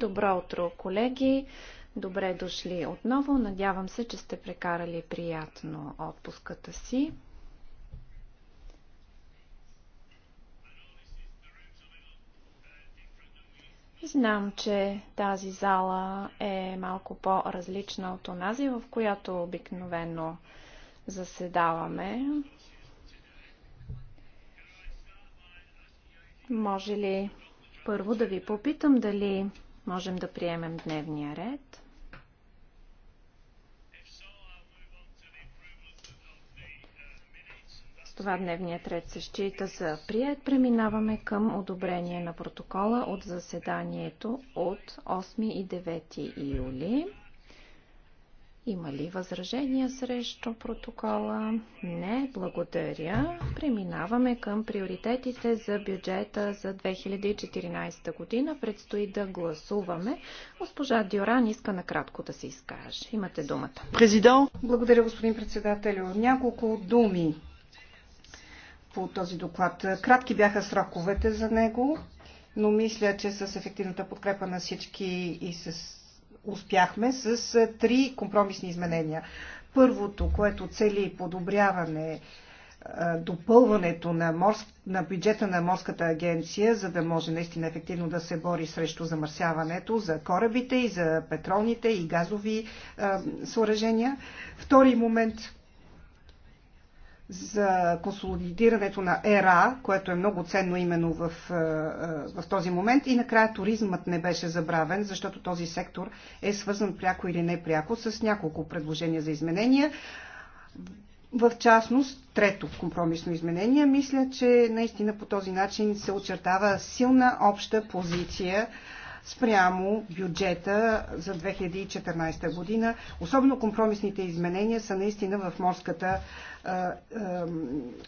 Добро утро, колеги! Добре дошли отново. Надявам се, че сте прекарали приятно отпуската си. Знам, че тази зала е малко по-различна от онази, в която обикновено заседаваме. Може ли първо да ви попитам дали можем да приемем дневния ред. С това дневният ред се счита за прият. Преминаваме към одобрение на протокола от заседанието от 8 и 9 юли. Има ли възражения срещу протокола? Не, благодаря. Преминаваме към приоритетите за бюджета за 2014 година. Предстои да гласуваме. Госпожа Диоран иска накратко да се изкаже. Имате думата. Президент. Благодаря, господин председател. Няколко думи по този доклад. Кратки бяха сроковете за него, но мисля, че с ефективната подкрепа на всички и с успяхме с три компромисни изменения. Първото, което цели подобряване допълването на, морск, на бюджета на Морската агенция, за да може наистина ефективно да се бори срещу замърсяването за корабите и за петролните и газови съоръжения. Втори момент – за консолидирането на ЕРА, което е много ценно именно в, е, е, в този момент. И накрая туризмът не беше забравен, защото този сектор е свързан пряко или непряко с няколко предложения за изменения. В частност, трето компромисно изменение, мисля, че наистина по този начин се очертава силна обща позиция спрямо бюджета за 2014 година. Особено компромисните изменения са наистина в морската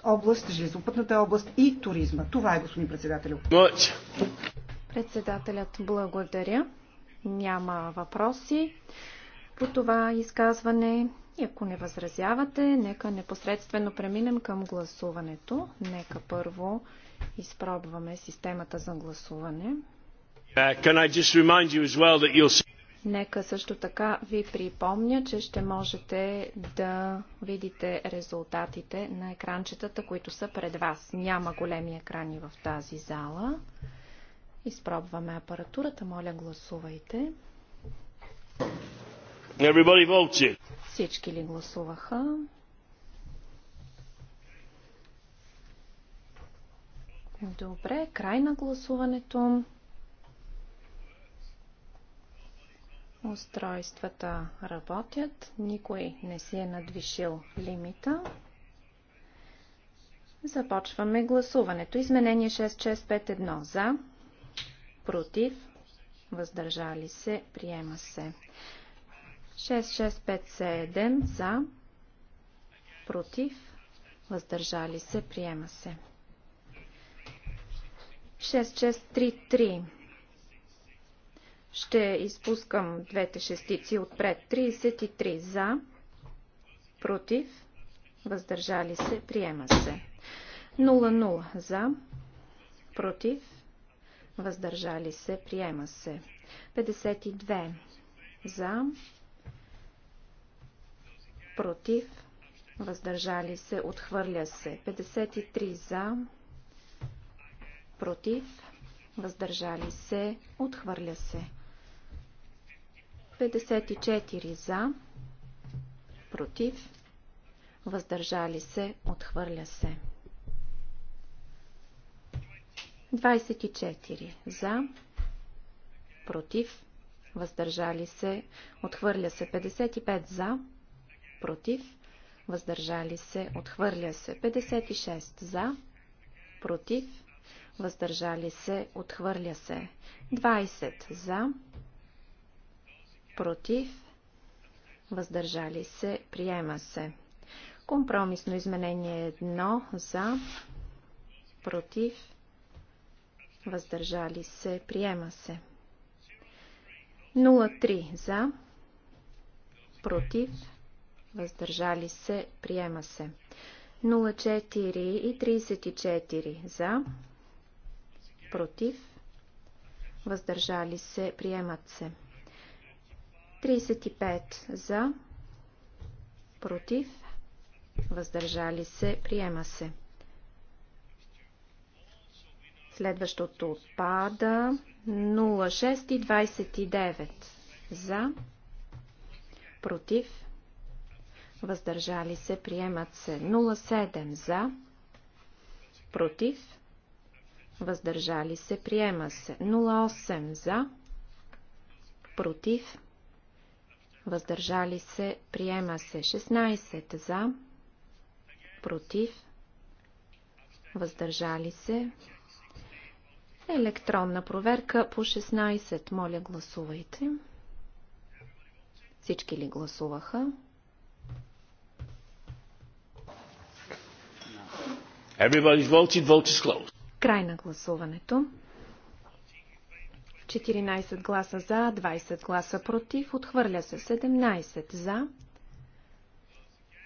област, железопътната област и туризма. Това е, господин председател. Председателят благодаря. Няма въпроси по това изказване. И ако не възразявате, нека непосредствено преминем към гласуването. Нека първо изпробваме системата за гласуване. Uh, Нека също така ви припомня, че ще можете да видите резултатите на екранчетата, които са пред вас. Няма големи екрани в тази зала. Изпробваме апаратурата. Моля, гласувайте. Всички ли гласуваха? Добре, край на гласуването. Устройствата работят, никой не си е надвишил лимита. Започваме гласуването. Изменение 6651 за, против, въздържали се, приема се. 6657 за, против, въздържали се, приема се. 6633 ще изпускам двете шестици отпред. 33 за, против, въздържали се, приема се. 00 за, против, въздържали се, приема се. 52 за, против, въздържали се, отхвърля се. 53 за, против, въздържали се, отхвърля се. 54 за, против, въздържали се, отхвърля се. 24 за, против, въздържали се, отхвърля се. 55 за, против, въздържали се, отхвърля се. 56 за, против, въздържали се, отхвърля се. 20 за, против, въздържали се, приема се. Компромисно изменение 1 за, против, въздържали се, приема се. 03 за, против, въздържали се, приема се. 04 и 34 за, против, въздържали се, приемат се. 35 за, против, въздържали се, приема се. Следващото отпада 06 и 29 за, против, въздържали се, приемат се 07 за, против, въздържали се, приема се 08 за, против, въздържали се, приема се 16 за, против, въздържали се. Електронна проверка по 16. Моля, гласувайте. Всички ли гласуваха? Voted, vote Край на гласуването. 14 гласа за, 20 гласа против, отхвърля се 17 за,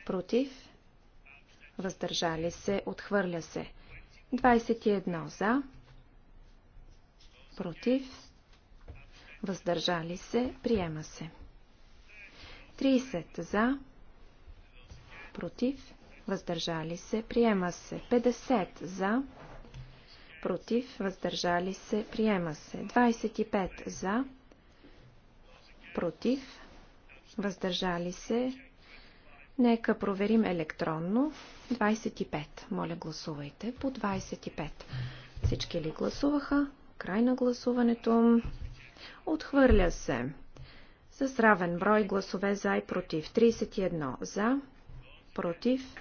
против, въздържали се, отхвърля се 21 за, против, въздържали се, приема се 30 за, против, въздържали се, приема се 50 за, против, против, въздържали се, приема се. 25 за, против, въздържали се. Нека проверим електронно. 25. Моля, гласувайте по 25. Всички ли гласуваха? Край на гласуването. Отхвърля се. С равен брой гласове за и против. 31 за, против,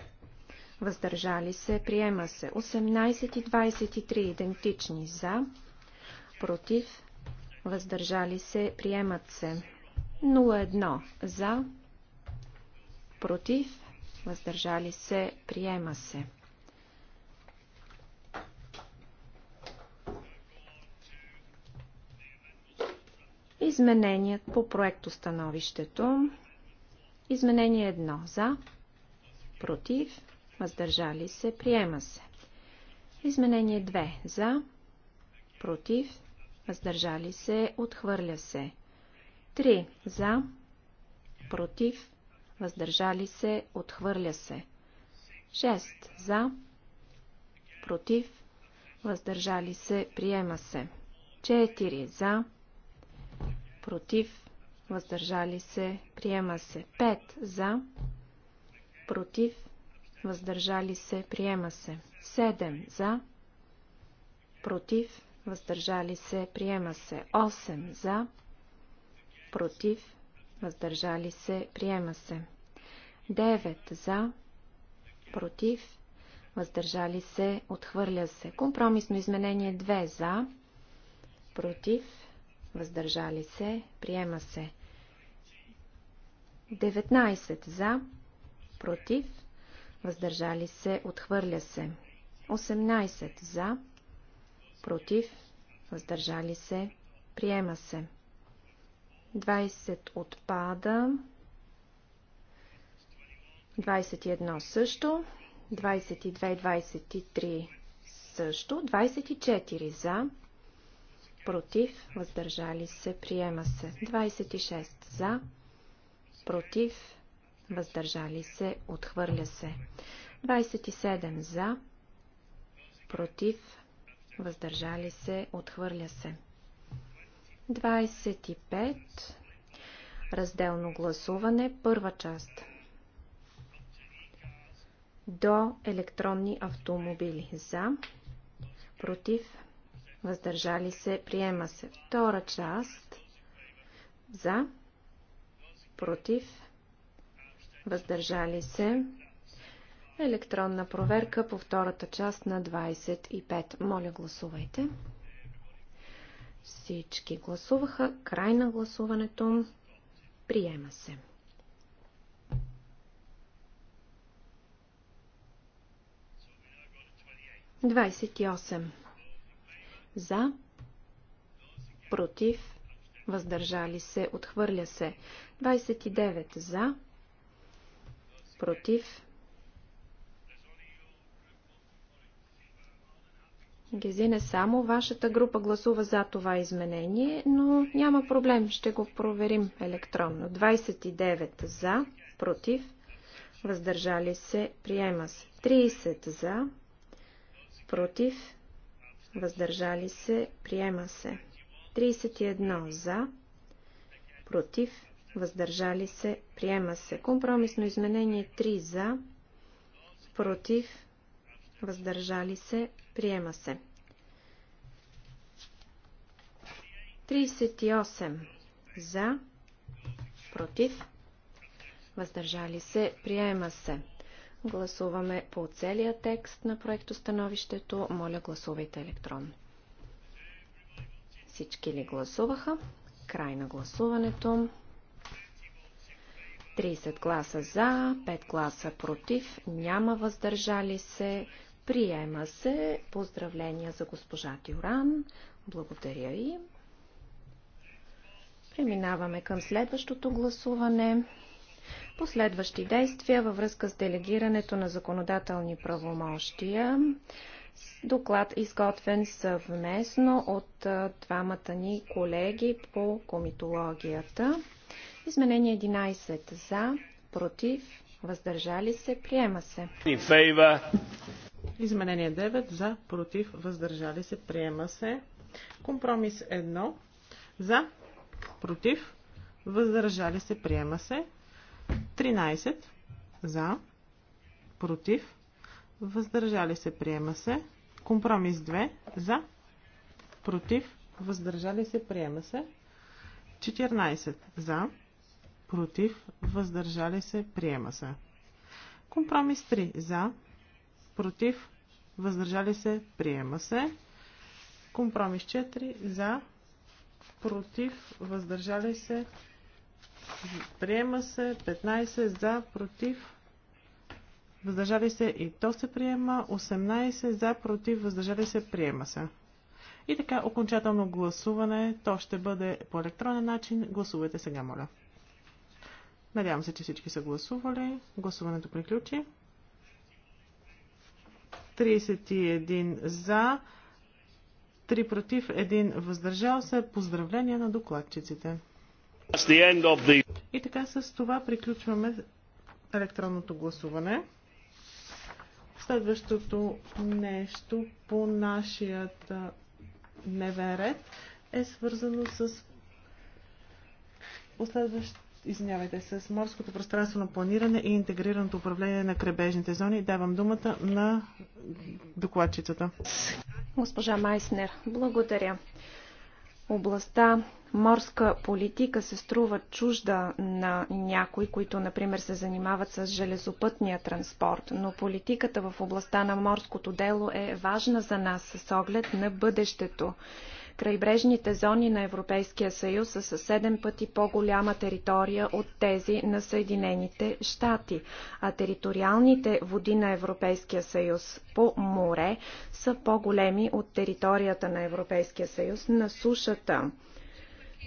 въздържали се, приема се. 18 и 23 идентични за, против, въздържали се, приемат се. 01 за, против, въздържали се, приема се. Измененият по проекто становището. Изменение 1 за, против, въздържали се, приема се. Изменение 2. За, против, въздържали се, отхвърля се. 3. За, против, въздържали се, отхвърля се. 6. За, против, въздържали се, приема се. 4. За, против, въздържали се, приема се. 5. За, против, въздържали се, приема се. 7 за, против, въздържали се, приема се. 8 за, против, въздържали се, приема се. 9 за, против, въздържали се, отхвърля се. Компромисно изменение 2 за, против, въздържали се, приема се. 19 за, против, въздържали се, отхвърля се. 18 за, против, въздържали се, приема се. 20 отпада. 21 също. 22 и 23 също. 24 за, против, въздържали се, приема се. 26 за, против, въздържали се, отхвърля се. 27 за, против, въздържали се, отхвърля се. 25. Разделно гласуване, първа част. До електронни автомобили. За, против, въздържали се, приема се. Втора част. За, против, въздържали се. Електронна проверка по втората част на 25. Моля, гласувайте. Всички гласуваха. Край на гласуването. Приема се. Двадесет и осем. За. Против. Въздържали се. Отхвърля се. 29 за против. Гезине, само вашата група гласува за това изменение, но няма проблем, ще го проверим електронно. 29 за, против, въздържали се, приема се. 30 за, против, въздържали се, приема се. 31 за, против, въздържали се, приема се. Компромисно изменение 3 за, против, въздържали се, приема се. 38 за, против, въздържали се, приема се. Гласуваме по целия текст на Становището. Моля, гласувайте електронно. Всички ли гласуваха? Край на гласуването. 30 гласа за, 5 гласа против, няма въздържали се. Приема се. Поздравления за госпожа Дюран. Благодаря и. Преминаваме към следващото гласуване. Последващи действия във връзка с делегирането на законодателни правомощия. Доклад изготвен съвместно от двамата ни колеги по комитологията. Изменение 11 за, против, въздържали се, приема се. Изменение 9 за, против, въздържали се, приема се. Компромис 1 за, против, въздържали се, приема се. 13 за, против, въздържали се, приема се. Компромис 2 за, против, въздържали се, приема се. 14 за, против, въздържали се, приема се. Компромис 3 за, против, въздържали се, приема се. Компромис 4 за, против, въздържали се, приема се. 15 за, против, въздържали се и то се приема. 18 за, против, въздържали се, приема се. И така, окончателно гласуване, то ще бъде по електронен начин. Гласувайте сега, моля. Надявам се, че всички са гласували. Гласуването приключи. 31 за, 3 против, 1 въздържал се. Поздравления на докладчиците. The... И така с това приключваме електронното гласуване. Следващото нещо по нашият дневен ред е свързано с последващ извинявайте, с морското пространствено планиране и интегрираното управление на кребежните зони. Давам думата на докладчицата. Госпожа Майснер, благодаря. Областта морска политика се струва чужда на някои, които, например, се занимават с железопътния транспорт, но политиката в областта на морското дело е важна за нас с оглед на бъдещето Крайбрежните зони на Европейския съюз са със 7 пъти по-голяма територия от тези на Съединените щати, а териториалните води на Европейския съюз по море са по-големи от територията на Европейския съюз на сушата.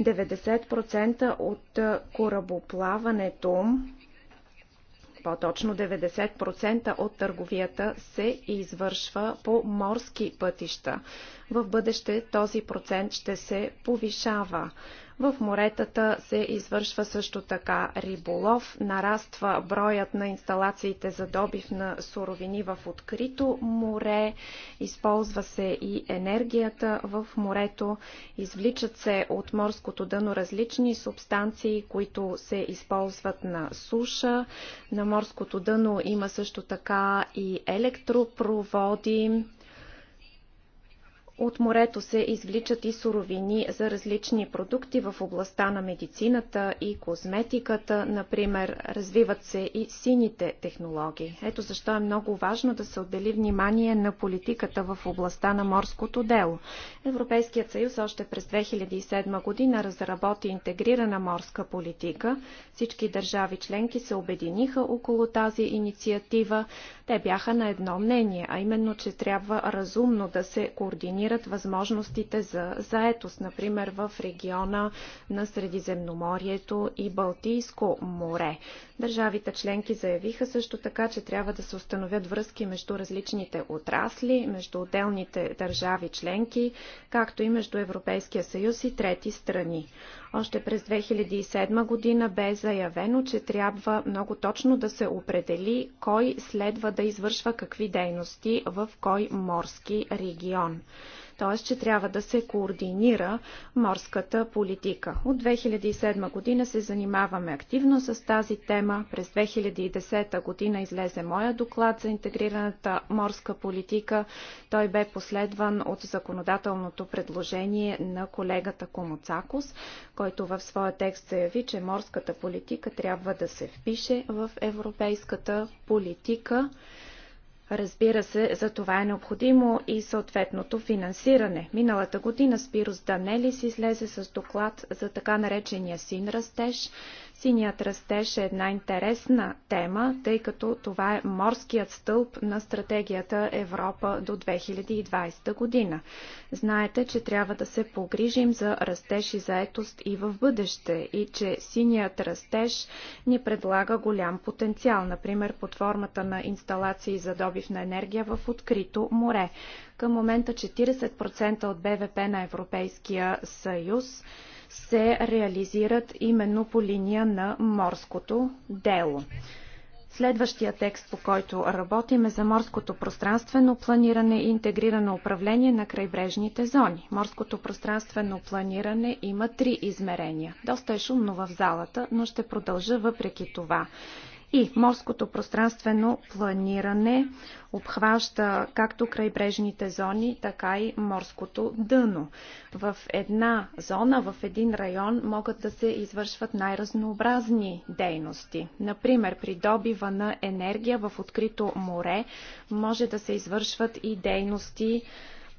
90% от корабоплаването по-точно 90% от търговията се извършва по морски пътища. В бъдеще този процент ще се повишава. В моретата се извършва също така риболов, нараства броят на инсталациите за добив на суровини в открито море, използва се и енергията в морето, извличат се от морското дъно различни субстанции, които се използват на суша. На морското дъно има също така и електропроводи, от морето се извличат и суровини за различни продукти в областта на медицината и козметиката, например, развиват се и сините технологии. Ето защо е много важно да се отдели внимание на политиката в областта на морското дело. Европейският съюз още през 2007 година разработи интегрирана морска политика. Всички държави членки се обединиха около тази инициатива. Те бяха на едно мнение, а именно, че трябва разумно да се координира намират възможностите за заетост, например в региона на Средиземноморието и Балтийско море. Държавите членки заявиха също така, че трябва да се установят връзки между различните отрасли, между отделните държави членки, както и между Европейския съюз и трети страни. Още през 2007 година бе заявено, че трябва много точно да се определи кой следва да извършва какви дейности в кой морски регион т.е. че трябва да се координира морската политика. От 2007 година се занимаваме активно с тази тема. През 2010 година излезе моя доклад за интегрираната морска политика. Той бе последван от законодателното предложение на колегата Комоцакус, който в своя текст заяви, че морската политика трябва да се впише в европейската политика. Разбира се, за това е необходимо и съответното финансиране. Миналата година Спирос Данелис излезе с доклад за така наречения син растеж. Синият растеж е една интересна тема, тъй като това е морският стълб на стратегията Европа до 2020 година. Знаете, че трябва да се погрижим за растеж и заетост и в бъдеще и че синият растеж ни предлага голям потенциал, например под формата на инсталации за добив на енергия в открито море. Към момента 40% от БВП на Европейския съюз се реализират именно по линия на морското дело. Следващия текст, по който работим е за морското пространствено планиране и интегрирано управление на крайбрежните зони. Морското пространствено планиране има три измерения. Доста е шумно в залата, но ще продължа въпреки това. И морското пространствено планиране обхваща както крайбрежните зони, така и морското дъно. В една зона, в един район могат да се извършват най-разнообразни дейности. Например, при добива на енергия в открито море може да се извършват и дейности,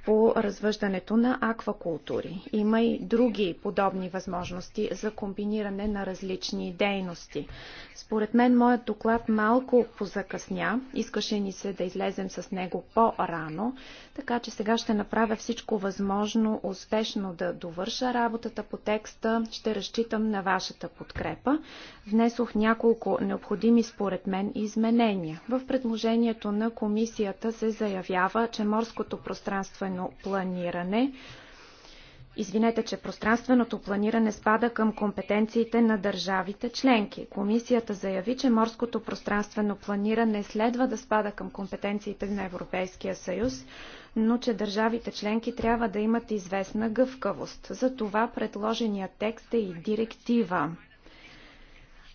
по развъждането на аквакултури. Има и други подобни възможности за комбиниране на различни дейности. Според мен моят доклад малко позакъсня. Искаше ни се да излезем с него по-рано, така че сега ще направя всичко възможно успешно да довърша работата по текста. Ще разчитам на вашата подкрепа. Внесох няколко необходими според мен изменения. В предложението на комисията се заявява, че морското пространство е пространствено планиране. Извинете, че пространственото планиране спада към компетенциите на държавите членки. Комисията заяви, че морското пространствено планиране следва да спада към компетенциите на Европейския съюз, но че държавите членки трябва да имат известна гъвкавост. За това предложения текст е и директива.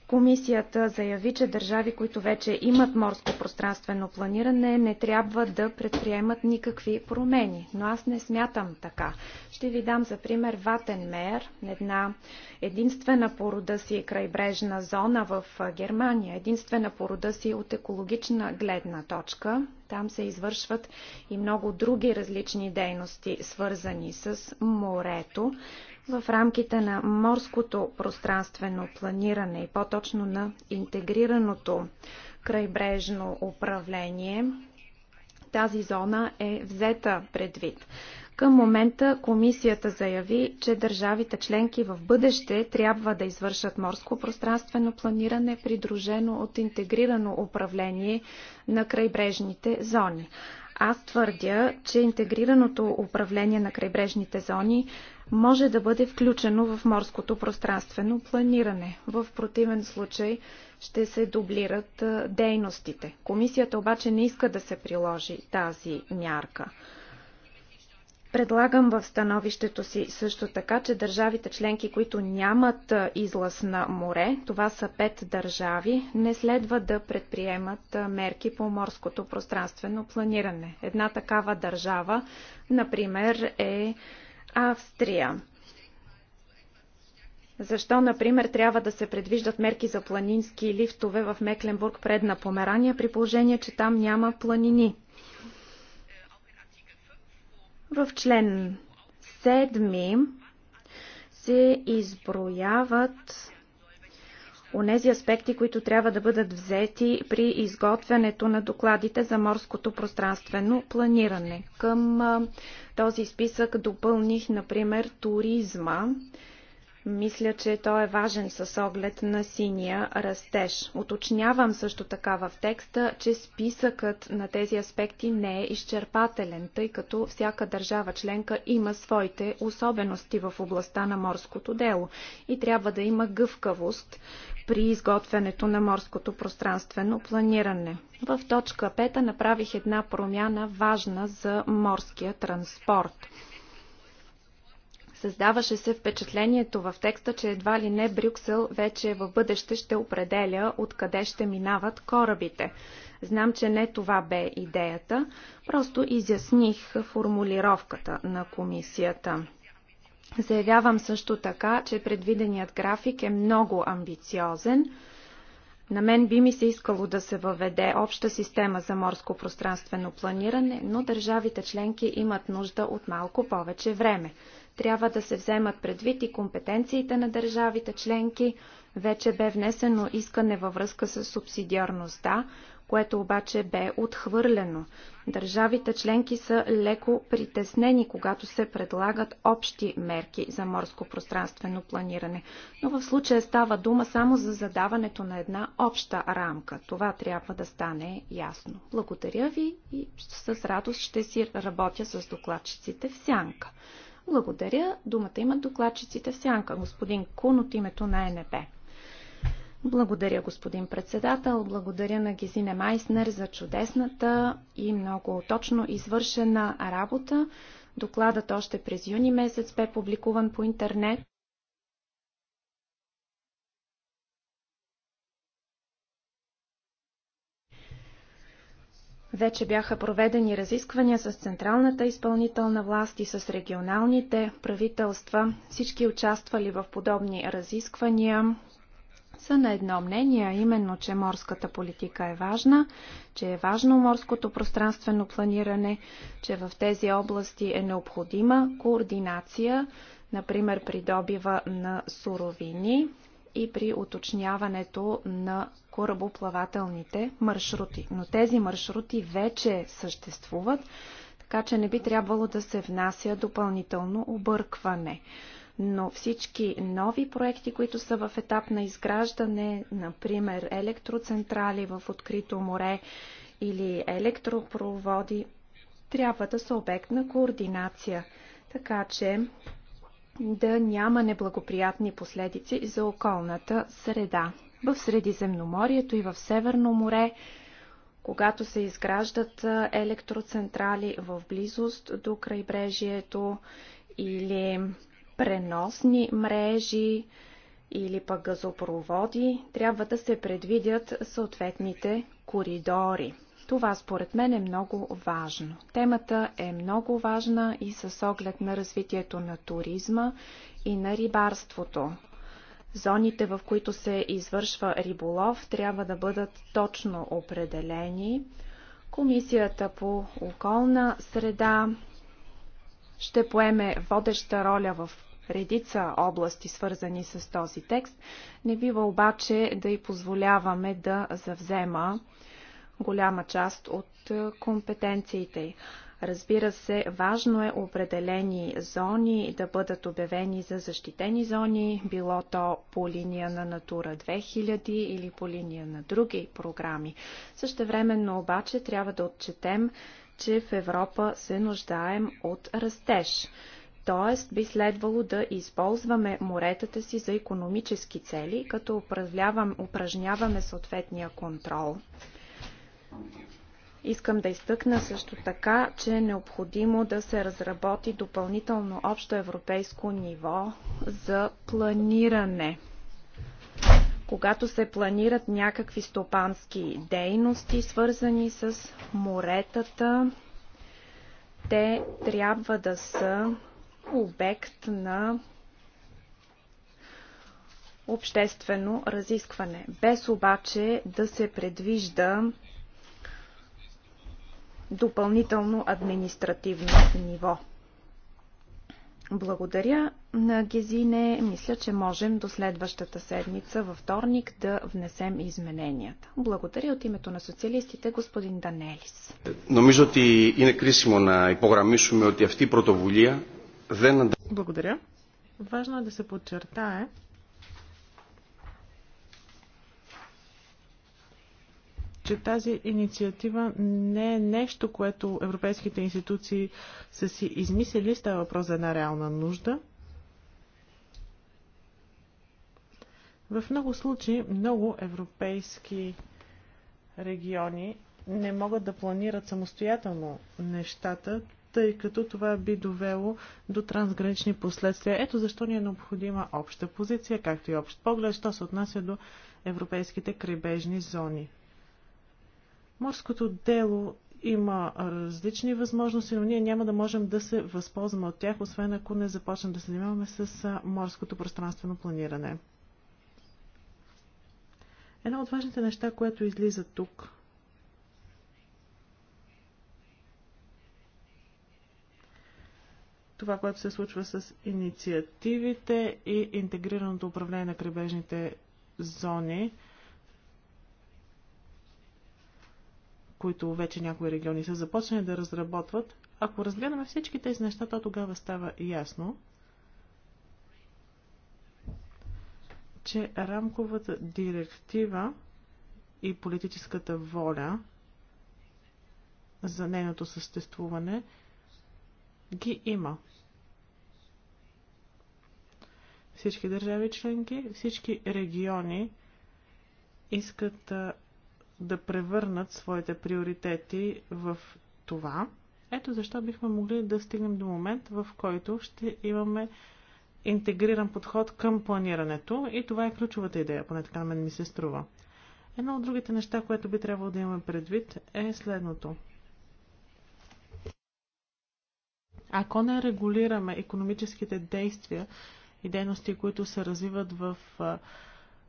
Комисията заяви, че държави, които вече имат морско пространствено планиране, не трябва да предприемат никакви промени. Но аз не смятам така. Ще ви дам за пример Ватенмер, една единствена порода си крайбрежна зона в Германия, единствена порода си от екологична гледна точка. Там се извършват и много други различни дейности, свързани с морето в рамките на морското пространствено планиране и по-точно на интегрираното крайбрежно управление, тази зона е взета предвид. Към момента комисията заяви, че държавите членки в бъдеще трябва да извършат морско пространствено планиране, придружено от интегрирано управление на крайбрежните зони. Аз твърдя, че интегрираното управление на крайбрежните зони може да бъде включено в морското пространствено планиране. В противен случай ще се дублират дейностите. Комисията обаче не иска да се приложи тази мярка. Предлагам в становището си също така, че държавите членки, които нямат излаз на море, това са пет държави, не следва да предприемат мерки по морското пространствено планиране. Една такава държава, например, е Австрия. Защо, например, трябва да се предвиждат мерки за планински лифтове в Мекленбург предна Померания, при положение, че там няма планини? В член 7 се изброяват онези аспекти, които трябва да бъдат взети при изготвянето на докладите за морското пространствено планиране. Към този списък допълних, например, туризма. Мисля, че той е важен с оглед на синия растеж. Уточнявам също така в текста, че списъкът на тези аспекти не е изчерпателен, тъй като всяка държава членка има своите особености в областта на морското дело и трябва да има гъвкавост при изготвянето на морското пространствено планиране. В точка 5 направих една промяна важна за морския транспорт. Създаваше се впечатлението в текста, че едва ли не Брюксел вече в бъдеще ще определя откъде ще минават корабите. Знам, че не това бе идеята, просто изясних формулировката на комисията. Заявявам също така, че предвиденият график е много амбициозен. На мен би ми се искало да се въведе обща система за морско пространствено планиране, но държавите членки имат нужда от малко повече време трябва да се вземат предвид и компетенциите на държавите членки. Вече бе внесено искане във връзка с субсидиарността, което обаче бе отхвърлено. Държавите членки са леко притеснени, когато се предлагат общи мерки за морско пространствено планиране. Но в случая става дума само за задаването на една обща рамка. Това трябва да стане ясно. Благодаря ви и с радост ще си работя с докладчиците в сянка. Благодаря. Думата имат докладчиците в сянка. Господин Кун от името на НП. Благодаря, господин председател. Благодаря на Гезине Майснер за чудесната и много точно извършена работа. Докладът още през юни месец бе публикуван по интернет. Вече бяха проведени разисквания с централната изпълнителна власт и с регионалните правителства. Всички участвали в подобни разисквания са на едно мнение, а именно, че морската политика е важна, че е важно морското пространствено планиране, че в тези области е необходима координация, например при добива на суровини и при уточняването на корабоплавателните маршрути. Но тези маршрути вече съществуват, така че не би трябвало да се внася допълнително объркване. Но всички нови проекти, които са в етап на изграждане, например електроцентрали в открито море или електропроводи, трябва да са обект на координация. Така че да няма неблагоприятни последици за околната среда. В Средиземноморието и в Северно море, когато се изграждат електроцентрали в близост до крайбрежието или преносни мрежи или пък газопроводи, трябва да се предвидят съответните коридори. Това според мен е много важно. Темата е много важна и с оглед на развитието на туризма и на рибарството. Зоните, в които се извършва риболов, трябва да бъдат точно определени. Комисията по околна среда ще поеме водеща роля в редица области, свързани с този текст. Не бива обаче да й позволяваме да завзема голяма част от е, компетенциите й. Разбира се, важно е определени зони да бъдат обявени за защитени зони, било то по линия на Натура 2000 или по линия на други програми. Същевременно обаче трябва да отчетем, че в Европа се нуждаем от растеж. Тоест би следвало да използваме моретата си за економически цели, като упражняваме съответния контрол Искам да изтъкна също така, че е необходимо да се разработи допълнително общо европейско ниво за планиране. Когато се планират някакви стопански дейности, свързани с моретата, те трябва да са обект на обществено разискване, без обаче да се предвижда допълнително административно ниво. Благодаря на Гезине. Мисля, че можем до следващата седмица, във вторник, да внесем измененията. Благодаря от името на социалистите, господин Данелис. Νομίζω ти и κρίσιμο Крисимо на Ипограмишуме от Явти Протоволия. Благодаря. Важно е да се подчертае, че тази инициатива не е нещо, което европейските институции са си измислили. Става въпрос за една реална нужда. В много случаи много европейски региони не могат да планират самостоятелно нещата, тъй като това би довело до трансгранични последствия. Ето защо ни е необходима обща позиция, както и общ поглед, що се отнася до европейските крайбежни зони. Морското дело има различни възможности, но ние няма да можем да се възползваме от тях, освен ако не започнем да се занимаваме с морското пространствено планиране. Едно от важните неща, което излиза тук, това, което се случва с инициативите и интегрираното управление на крайбрежните зони, които вече някои региони са започнали да разработват, ако разгледаме всички тези неща, то тогава става ясно, че рамковата директива и политическата воля за нейното съществуване ги има. Всички държави членки, всички региони искат да превърнат своите приоритети в това. Ето защо бихме могли да стигнем до момент, в който ще имаме интегриран подход към планирането и това е ключовата идея, поне така на мен ми се струва. Едно от другите неща, което би трябвало да имаме предвид е следното. Ако не регулираме економическите действия и дейности, които се развиват в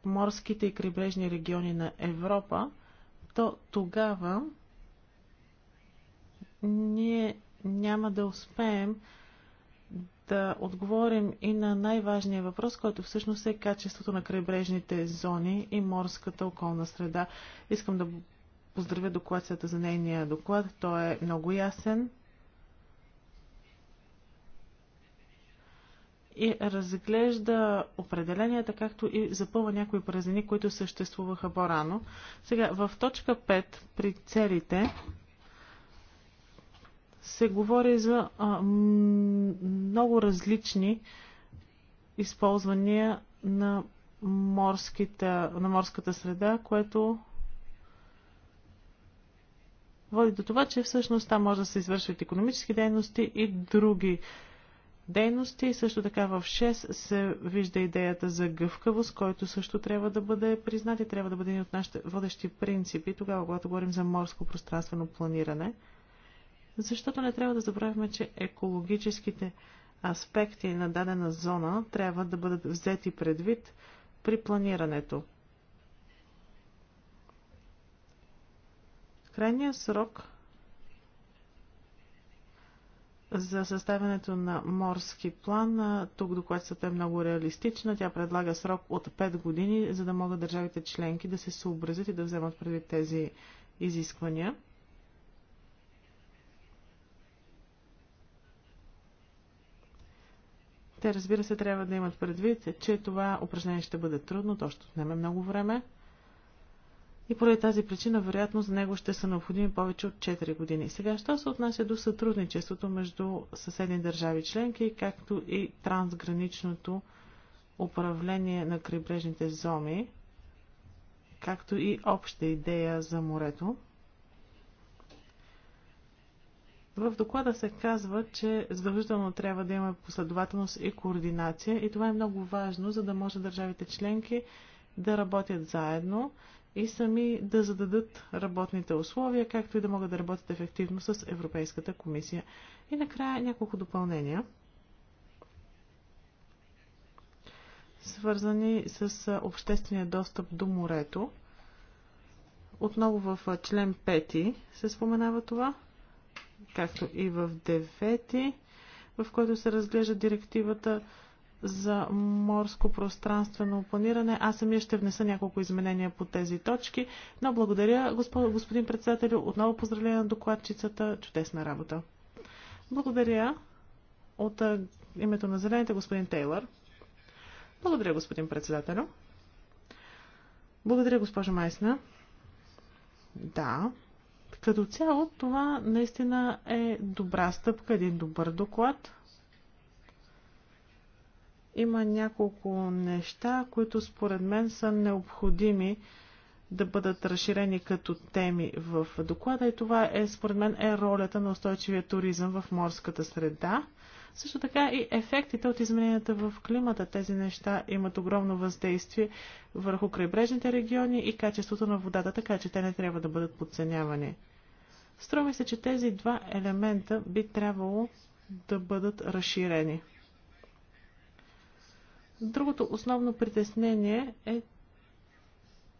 морските и крайбрежни региони на Европа, то тогава ние няма да успеем да отговорим и на най-важния въпрос, който всъщност е качеството на крайбрежните зони и морската околна среда. Искам да поздравя докладцията за нейния доклад. Той е много ясен. и разглежда определенията, както и запълва някои празнини, които съществуваха по-рано. Сега, в точка 5 при целите се говори за а, много различни използвания на, морските, на морската среда, което води до това, че всъщност там може да се извършват економически дейности и други дейности. Също така в 6 се вижда идеята за гъвкавост, който също трябва да бъде признат и трябва да бъде един от нашите водещи принципи, тогава когато говорим за морско пространствено планиране. Защото не трябва да забравяме, че екологическите аспекти на дадена зона трябва да бъдат взети предвид при планирането. Крайният срок за съставянето на морски план. Тук което е много реалистична. Тя предлага срок от 5 години, за да могат държавите членки да се съобразят и да вземат преди тези изисквания. Те, разбира се, трябва да имат предвид, че това упражнение ще бъде трудно, то ще отнеме много време и поради тази причина, вероятно, за него ще са необходими повече от 4 години. Сега, що се отнася до сътрудничеството между съседни държави членки, както и трансграничното управление на крайбрежните зони, както и обща идея за морето. В доклада се казва, че задължително трябва да има последователност и координация и това е много важно, за да може държавите членки да работят заедно и сами да зададат работните условия, както и да могат да работят ефективно с Европейската комисия. И накрая няколко допълнения, свързани с обществения достъп до морето. Отново в член 5 се споменава това, както и в 9, в който се разглежда директивата за морско пространствено планиране. Аз самия ще внеса няколко изменения по тези точки, но благодаря, господин председател, Отново поздравления на докладчицата. Чудесна работа. Благодаря от името на зелените господин Тейлър. Благодаря, господин председател. Благодаря, госпожа Майсна. Да, като цяло това наистина е добра стъпка, един добър доклад, има няколко неща, които според мен са необходими да бъдат разширени като теми в доклада и това е, според мен, е ролята на устойчивия туризъм в морската среда. Също така и ефектите от измененията в климата. Тези неща имат огромно въздействие върху крайбрежните региони и качеството на водата, така че те не трябва да бъдат подценявани. Струва се, че тези два елемента би трябвало да бъдат разширени. Другото основно притеснение е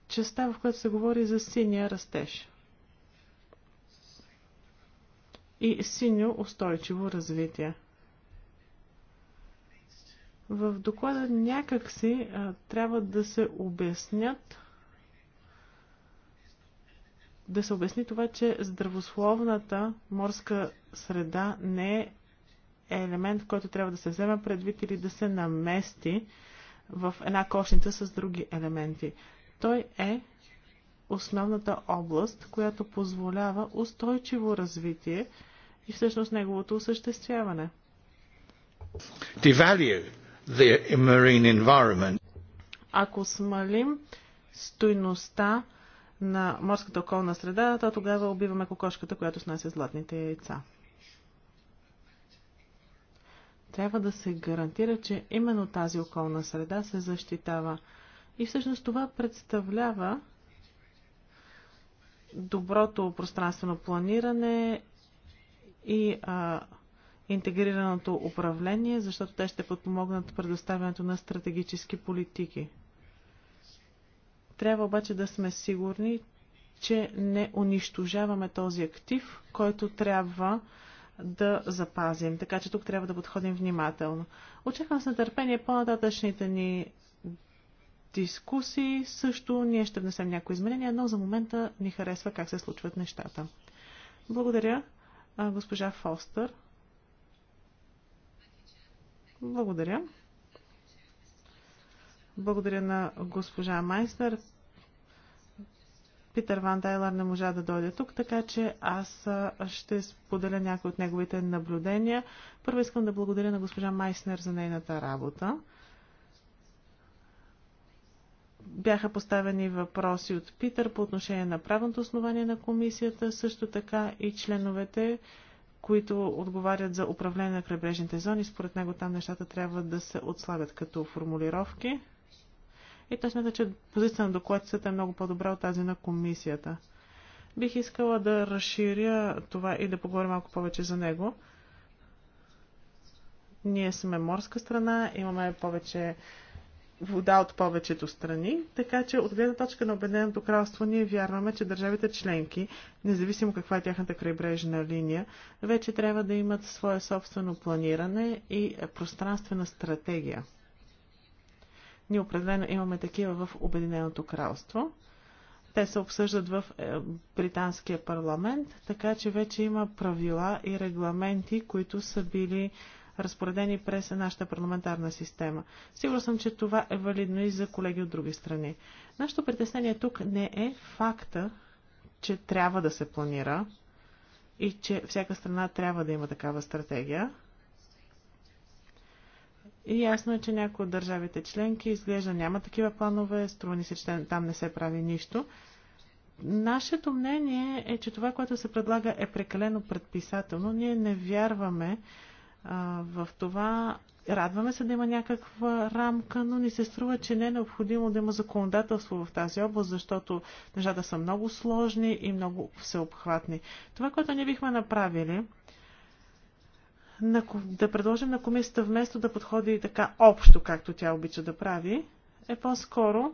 частта, в която се говори за синия растеж и синьо устойчиво развитие. В доклада някакси а, трябва да се обяснят да се обясни това, че здравословната морска среда не е е елемент, който трябва да се взема предвид или да се намести в една кошница с други елементи. Той е основната област, която позволява устойчиво развитие и всъщност неговото осъществяване. the marine environment. Ако смалим стойността на морската околна среда, то тогава убиваме кокошката, която снася златните яйца трябва да се гарантира, че именно тази околна среда се защитава. И всъщност това представлява доброто пространствено планиране и а, интегрираното управление, защото те ще подпомогнат предоставянето на стратегически политики. Трябва обаче да сме сигурни, че не унищожаваме този актив, който трябва да запазим. Така че тук трябва да подходим внимателно. Очаквам с нетърпение по-нататъчните ни дискусии. Също ние ще внесем някои изменения, но за момента ни харесва как се случват нещата. Благодаря, госпожа Фостър. Благодаря. Благодаря на госпожа Майстер. Питър Ван Дайлар не можа да дойде тук, така че аз ще споделя някои от неговите наблюдения. Първо искам да благодаря на госпожа Майснер за нейната работа. Бяха поставени въпроси от Питър по отношение на правното основание на комисията, също така и членовете, които отговарят за управление на крайбрежните зони. Според него там нещата трябва да се отслабят като формулировки. И той смята, че позицията на докладчицата е много по-добра от тази на комисията. Бих искала да разширя това и да поговоря малко повече за него. Ние сме морска страна, имаме повече вода от повечето страни, така че от гледна точка на Обединеното кралство ние вярваме, че държавите членки, независимо каква е тяхната крайбрежна линия, вече трябва да имат свое собствено планиране и пространствена стратегия. Ние определено имаме такива в Обединеното кралство. Те се обсъждат в е, британския парламент, така че вече има правила и регламенти, които са били разпоредени през нашата парламентарна система. Сигурно съм, че това е валидно и за колеги от други страни. Нашето притеснение тук не е факта, че трябва да се планира и че всяка страна трябва да има такава стратегия. И ясно е, че някои от държавите членки изглежда няма такива планове, струва ни се, че там не се прави нищо. Нашето мнение е, че това, което се предлага е прекалено предписателно. Ние не вярваме а, в това. Радваме се да има някаква рамка, но ни се струва, че не е необходимо да има законодателство в тази област, защото нещата са много сложни и много всеобхватни. Това, което ние бихме направили, на, да предложим на комисията вместо да подходи така общо, както тя обича да прави, е по-скоро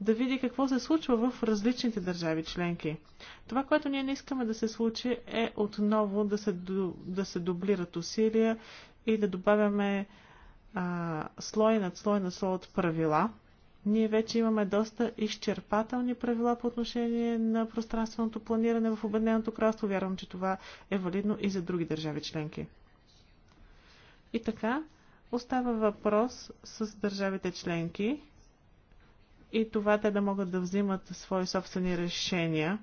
да види какво се случва в различните държави членки. Това, което ние не искаме да се случи, е отново да се, да се дублират усилия и да добавяме а, слой над слой над слой от правила – ние вече имаме доста изчерпателни правила по отношение на пространственото планиране в Обединеното кралство. Вярвам, че това е валидно и за други държави членки. И така, остава въпрос с държавите членки и това те да могат да взимат свои собствени решения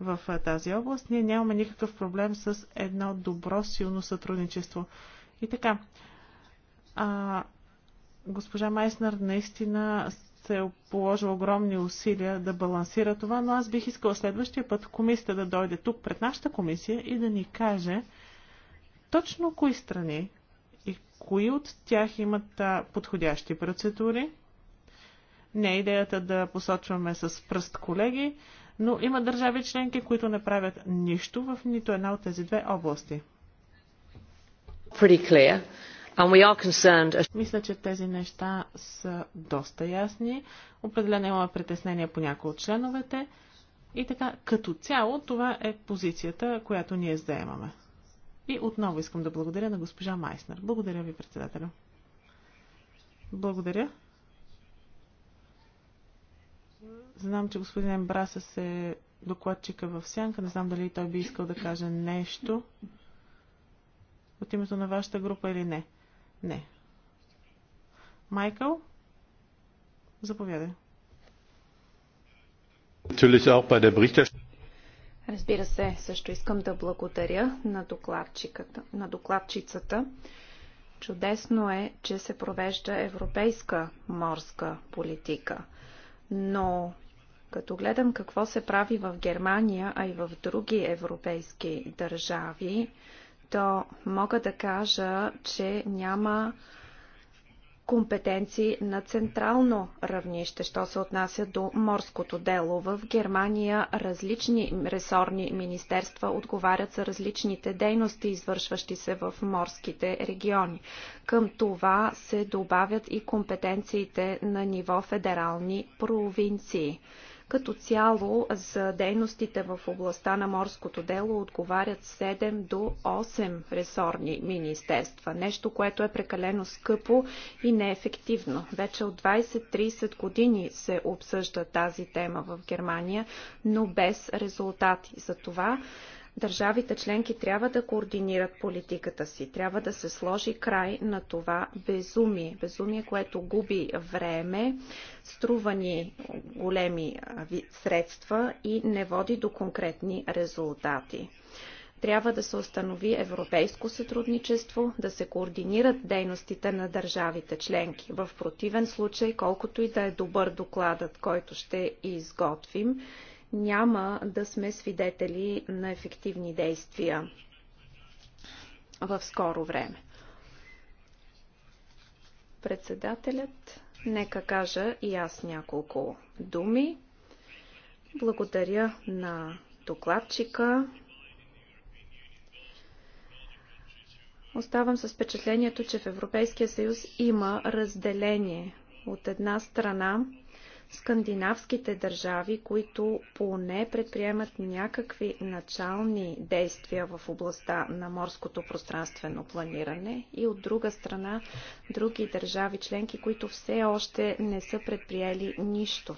в тази област. Ние нямаме никакъв проблем с едно добро, силно сътрудничество. И така, а, госпожа Майснер наистина е положил огромни усилия да балансира това, но аз бих искала следващия път комисията да дойде тук пред нашата комисия и да ни каже точно кои страни и кои от тях имат подходящи процедури. Не е идеята да посочваме с пръст колеги, но има държави членки, които не правят нищо в нито една от тези две области. Pretty clear. Мисля, че тези неща са доста ясни. Определено има притеснения по някои от членовете. И така, като цяло, това е позицията, която ние заемаме. И отново искам да благодаря на госпожа Майснер. Благодаря ви, председателю. Благодаря. Знам, че господин Ембраса се докладчика в сянка. Не знам дали той би искал да каже нещо от името на вашата група или не. Не. Майкъл? Заповядай. Разбира се, също искам да благодаря на, на докладчицата. Чудесно е, че се провежда европейска морска политика. Но като гледам какво се прави в Германия, а и в други европейски държави, то мога да кажа, че няма компетенции на централно равнище, що се отнася до морското дело. В Германия различни ресорни министерства отговарят за различните дейности, извършващи се в морските региони. Към това се добавят и компетенциите на ниво федерални провинции. Като цяло за дейностите в областта на морското дело отговарят 7 до 8 ресорни министерства. Нещо, което е прекалено скъпо и неефективно. Вече от 20-30 години се обсъжда тази тема в Германия, но без резултати. За това Държавите членки трябва да координират политиката си, трябва да се сложи край на това безумие. Безумие, което губи време, струва ни големи средства и не води до конкретни резултати трябва да се установи европейско сътрудничество, да се координират дейностите на държавите членки. В противен случай, колкото и да е добър докладът, който ще изготвим, няма да сме свидетели на ефективни действия в скоро време. Председателят, нека кажа и аз няколко думи. Благодаря на докладчика. Оставам с впечатлението, че в Европейския съюз има разделение. От една страна скандинавските държави, които поне предприемат някакви начални действия в областта на морското пространствено планиране и от друга страна други държави членки, които все още не са предприели нищо.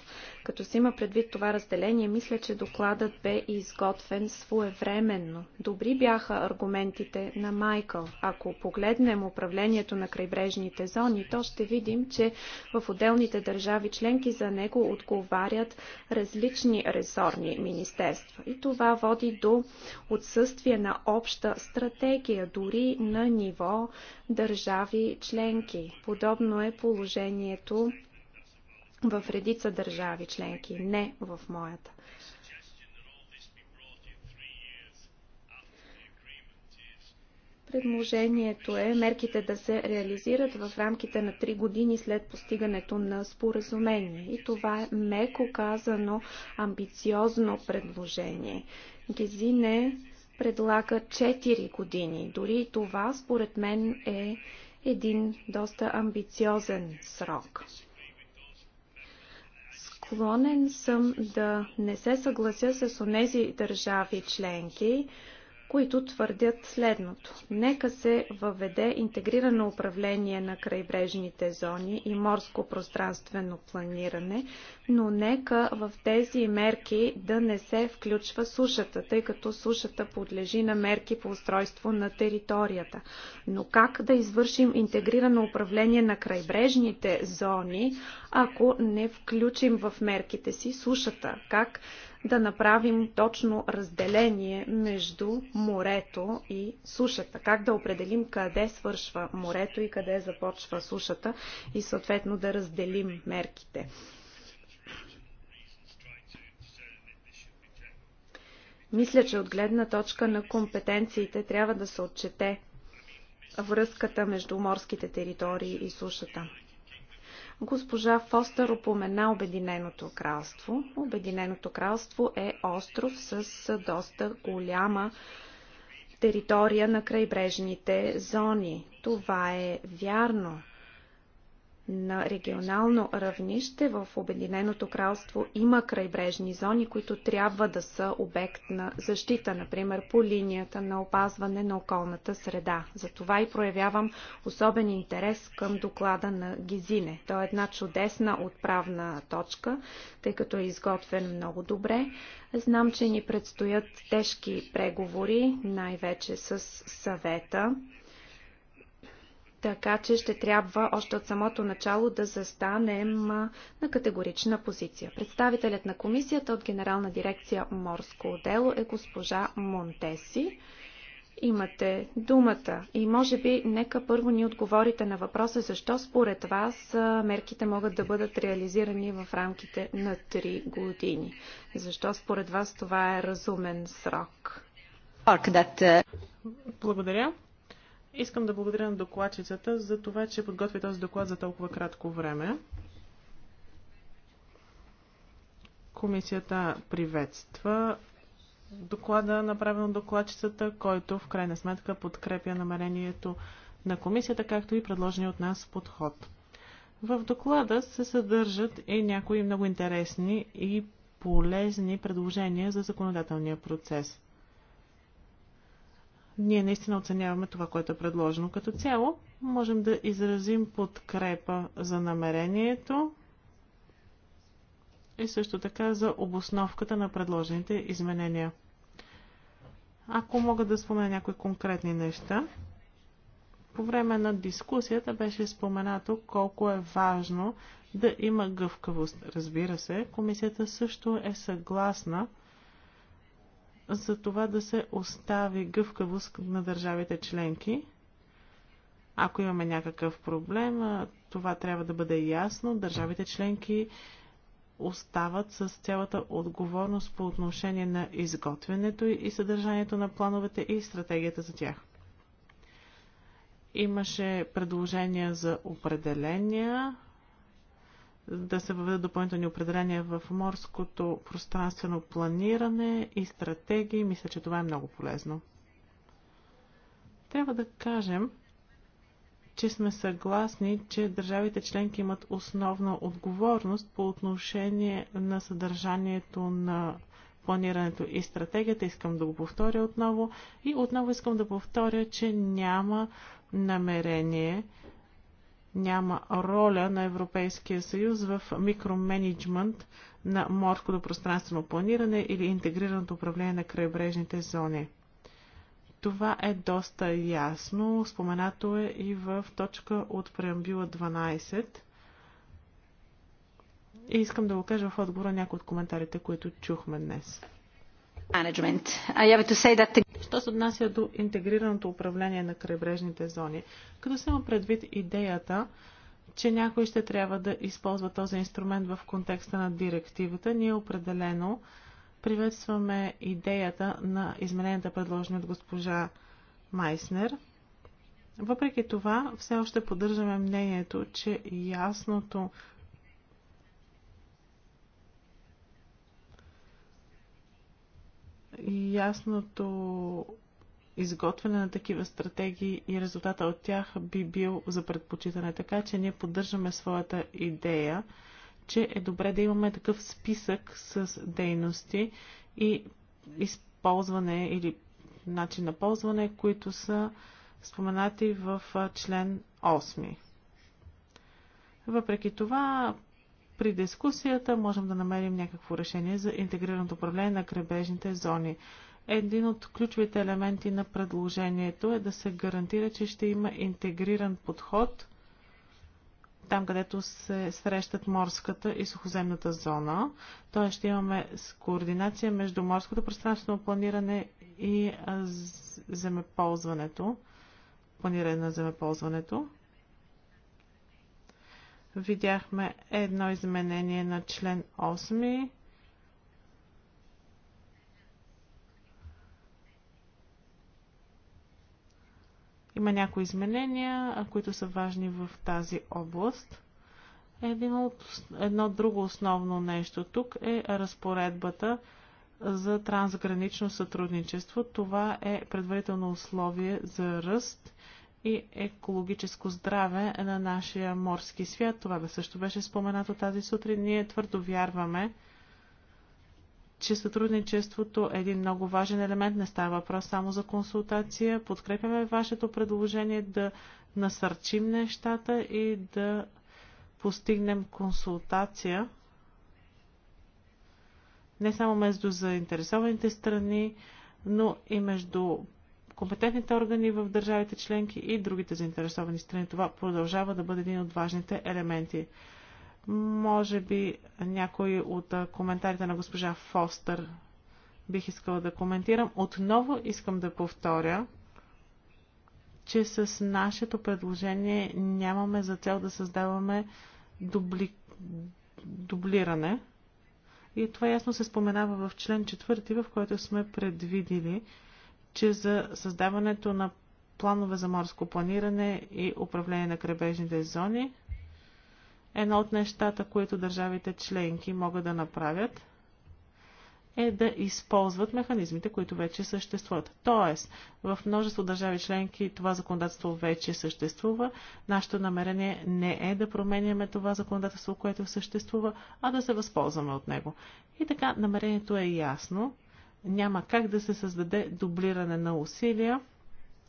Като се има предвид това разделение, мисля, че докладът бе изготвен своевременно. Добри бяха аргументите на Майкъл. Ако погледнем управлението на крайбрежните зони, то ще видим, че в отделните държави членки за него отговарят различни ресорни министерства. И това води до отсъствие на обща стратегия, дори на ниво държави членки. Подобно е положението в редица държави членки, не в моята. Предложението е мерките да се реализират в рамките на три години след постигането на споразумение. И това е меко казано амбициозно предложение. Гезине предлага 4 години. Дори това, според мен, е един доста амбициозен срок. Склонен съм да не се съглася с онези държави членки, които твърдят следното. Нека се въведе интегрирано управление на крайбрежните зони и морско пространствено планиране, но нека в тези мерки да не се включва сушата, тъй като сушата подлежи на мерки по устройство на територията. Но как да извършим интегрирано управление на крайбрежните зони, ако не включим в мерките си сушата? Как да направим точно разделение между морето и сушата. Как да определим къде свършва морето и къде започва сушата и съответно да разделим мерките. Мисля, че от гледна точка на компетенциите трябва да се отчете връзката между морските територии и сушата. Госпожа Фостер упомена Обединеното кралство. Обединеното кралство е остров с доста голяма територия на крайбрежните зони. Това е вярно, на регионално равнище в Обединеното кралство има крайбрежни зони, които трябва да са обект на защита, например по линията на опазване на околната среда. Затова и проявявам особен интерес към доклада на Гизине. Той е една чудесна отправна точка, тъй като е изготвен много добре. Знам, че ни предстоят тежки преговори, най-вече с съвета. Така че ще трябва още от самото начало да застанем на категорична позиция. Представителят на комисията от Генерална дирекция Морско дело е госпожа Монтеси. Имате думата и може би нека първо ни отговорите на въпроса защо според вас мерките могат да бъдат реализирани в рамките на 3 години. Защо според вас това е разумен срок? Uh, Благодаря. Искам да благодаря на докладчицата за това, че подготви този доклад за толкова кратко време. Комисията приветства доклада, направен от докладчицата, който в крайна сметка подкрепя намерението на комисията, както и предложения от нас подход. В доклада се съдържат и някои много интересни и полезни предложения за законодателния процес. Ние наистина оценяваме това, което е предложено като цяло. Можем да изразим подкрепа за намерението и също така за обосновката на предложените изменения. Ако мога да спомена някои конкретни неща, по време на дискусията беше споменато колко е важно да има гъвкавост. Разбира се, комисията също е съгласна за това да се остави гъвкавост на държавите членки. Ако имаме някакъв проблем, това трябва да бъде ясно. Държавите членки остават с цялата отговорност по отношение на изготвянето и съдържанието на плановете и стратегията за тях. Имаше предложения за определения, да се въведат допълнителни определения в морското пространствено планиране и стратегии. Мисля, че това е много полезно. Трябва да кажем, че сме съгласни, че държавите членки имат основна отговорност по отношение на съдържанието на планирането и стратегията. Искам да го повторя отново. И отново искам да повторя, че няма намерение няма роля на Европейския съюз в микроменеджмент на морското пространствено планиране или интегрираното управление на крайбрежните зони. Това е доста ясно. Споменато е и в точка от преамбила 12. И искам да го кажа в отговора някои от коментарите, които чухме днес. That... Що се отнася до интегрираното управление на крайбрежните зони, като се има предвид идеята, че някой ще трябва да използва този инструмент в контекста на директивата, ние определено приветстваме идеята на измененията, предложени от госпожа Майснер. Въпреки това, все още поддържаме мнението, че ясното ясното изготвяне на такива стратегии и резултата от тях би бил за предпочитане. Така че ние поддържаме своята идея, че е добре да имаме такъв списък с дейности и използване или начин на ползване, които са споменати в член 8. Въпреки това, при дискусията можем да намерим някакво решение за интегрираното управление на крайбрежните зони. Един от ключовите елементи на предложението е да се гарантира, че ще има интегриран подход там, където се срещат морската и сухоземната зона. Т.е. ще имаме координация между морското пространствено планиране и земеползването, планиране на земеползването. Видяхме едно изменение на член 8 Има някои изменения, които са важни в тази област. Едно, едно друго основно нещо тук е разпоредбата за трансгранично сътрудничество. Това е предварително условие за ръст и екологическо здраве на нашия морски свят. Това бе също беше споменато тази сутрин. Ние твърдо вярваме, че сътрудничеството е един много важен елемент. Не става въпрос само за консултация. Подкрепяме вашето предложение да насърчим нещата и да постигнем консултация не само между заинтересованите страни, но и между компетентните органи в държавите членки и другите заинтересовани страни. Това продължава да бъде един от важните елементи. Може би някой от коментарите на госпожа Фостър бих искала да коментирам. Отново искам да повторя, че с нашето предложение нямаме за цел да създаваме дубли... дублиране. И това ясно се споменава в член 4, в който сме предвидили, че за създаването на планове за морско планиране и управление на крайбрежните зони Едно от нещата, които държавите членки могат да направят, е да използват механизмите, които вече съществуват. Тоест, в множество държави членки това законодателство вече съществува. Нашето намерение не е да променяме това законодателство, което съществува, а да се възползваме от него. И така, намерението е ясно. Няма как да се създаде дублиране на усилия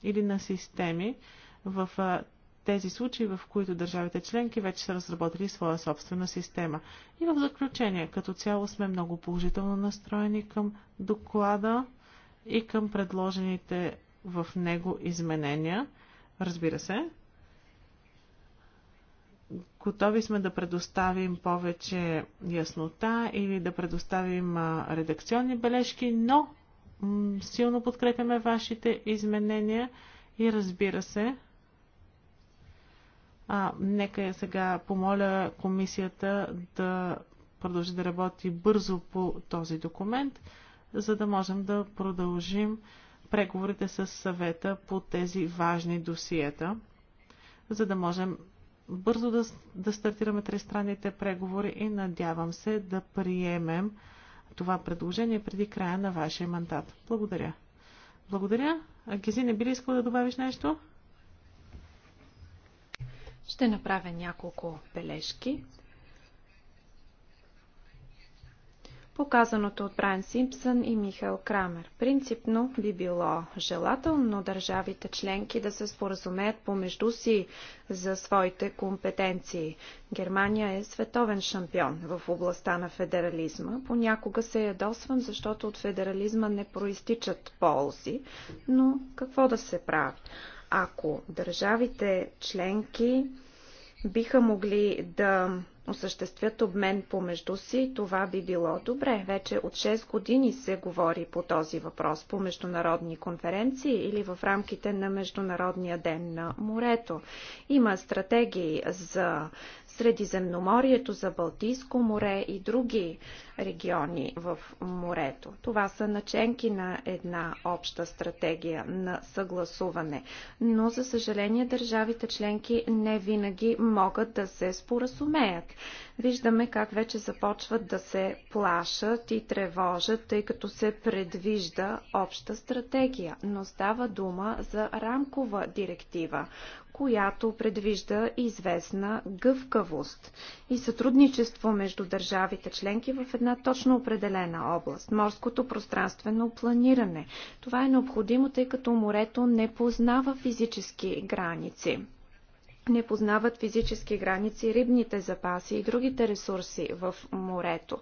или на системи в тези случаи, в които държавите членки вече са разработили своя собствена система. И в заключение, като цяло сме много положително настроени към доклада и към предложените в него изменения. Разбира се, готови сме да предоставим повече яснота или да предоставим редакционни бележки, но силно подкрепяме вашите изменения и разбира се, а, нека сега помоля комисията да продължи да работи бързо по този документ, за да можем да продължим преговорите с съвета по тези важни досиета, за да можем бързо да, да стартираме тристранните преговори и надявам се да приемем това предложение преди края на вашия мандат. Благодаря. Благодаря. Гези, не би ли искал да добавиш нещо? Ще направя няколко бележки. показаното от Брайан Симпсън и Михаил Крамер. Принципно би било желателно държавите членки да се споразумеят помежду си за своите компетенции. Германия е световен шампион в областта на федерализма. Понякога се ядосвам, защото от федерализма не проистичат ползи, но какво да се прави? Ако държавите членки биха могли да осъществят обмен помежду си, това би било добре. Вече от 6 години се говори по този въпрос по международни конференции или в рамките на Международния ден на морето. Има стратегии за Средиземноморието, за Балтийско море и други региони в морето. Това са наченки на една обща стратегия на съгласуване. Но, за съжаление, държавите членки не винаги могат да се споразумеят. Виждаме как вече започват да се плашат и тревожат, тъй като се предвижда обща стратегия. Но става дума за рамкова директива, която предвижда известна гъвкавост и сътрудничество между държавите членки в една точно определена област – морското пространствено планиране. Това е необходимо, тъй като морето не познава физически граници не познават физически граници рибните запаси и другите ресурси в морето.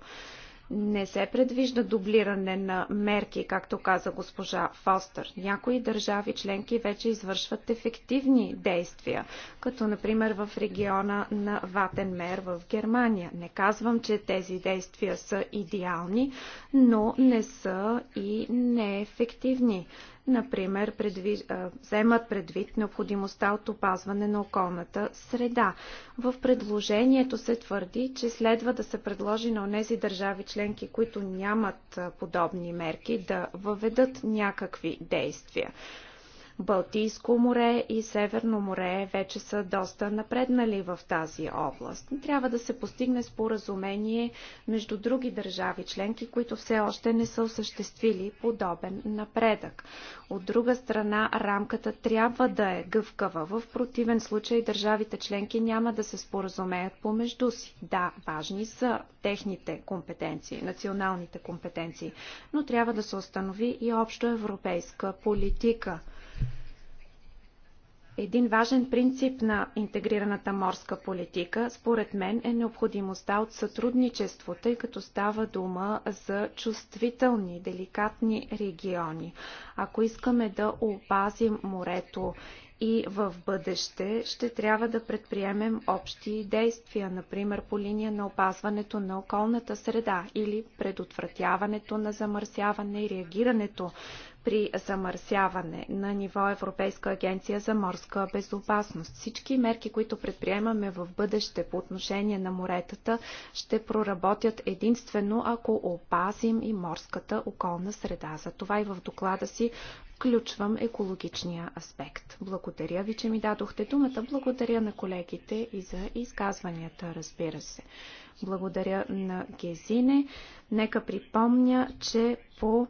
Не се предвижда дублиране на мерки, както каза госпожа Фостър. Някои държави членки вече извършват ефективни действия, като например в региона на Ватенмер в Германия. Не казвам, че тези действия са идеални, но не са и неефективни например, предвиж... вземат предвид необходимостта от опазване на околната среда. В предложението се твърди, че следва да се предложи на онези държави членки, които нямат подобни мерки, да въведат някакви действия. Балтийско море и Северно море вече са доста напреднали в тази област. Трябва да се постигне споразумение между други държави членки, които все още не са осъществили подобен напредък. От друга страна, рамката трябва да е гъвкава. В противен случай държавите членки няма да се споразумеят помежду си. Да, важни са техните компетенции, националните компетенции, но трябва да се установи и общо европейска политика. Един важен принцип на интегрираната морска политика, според мен, е необходимостта от сътрудничество, тъй като става дума за чувствителни, деликатни региони. Ако искаме да опазим морето и в бъдеще ще трябва да предприемем общи действия, например по линия на опазването на околната среда или предотвратяването на замърсяване и реагирането при замърсяване на ниво Европейска агенция за морска безопасност. Всички мерки, които предприемаме в бъдеще по отношение на моретата, ще проработят единствено ако опазим и морската околна среда. За това и в доклада си включвам екологичния аспект. Благодаря ви, че ми дадохте думата. Благодаря на колегите и за изказванията, разбира се. Благодаря на Гезине. Нека припомня, че по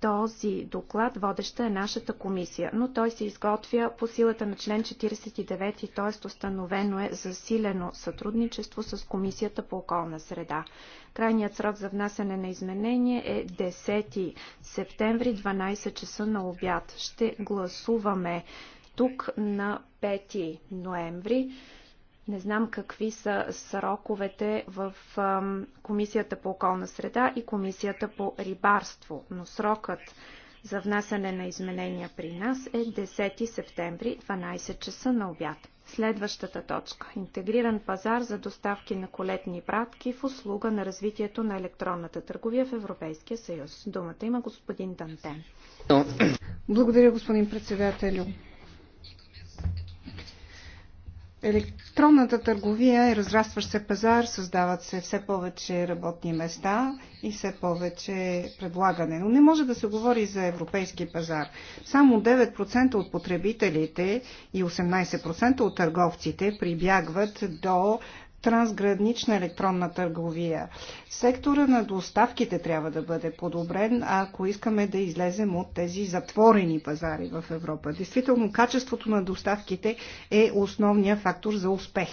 този доклад водеща е нашата комисия, но той се изготвя по силата на член 49, т.е. установено е засилено сътрудничество с Комисията по околна среда. Крайният срок за внасяне на изменение е 10 септември, 12 часа на обяд. Ще гласуваме тук на 5 ноември. Не знам какви са сроковете в Комисията по околна среда и Комисията по рибарство, но срокът за внасяне на изменения при нас е 10 септември, 12 часа на обяд. Следващата точка – интегриран пазар за доставки на колетни пратки в услуга на развитието на електронната търговия в Европейския съюз. Думата има господин Дантен. Благодаря, господин председателю. Електронната търговия е разрастващ се пазар, създават се все повече работни места и все повече предлагане. Но не може да се говори за европейски пазар. Само 9% от потребителите и 18% от търговците прибягват до трансгранична електронна търговия. Сектора на доставките трябва да бъде подобрен, ако искаме да излезем от тези затворени пазари в Европа. Действително, качеството на доставките е основният фактор за успех.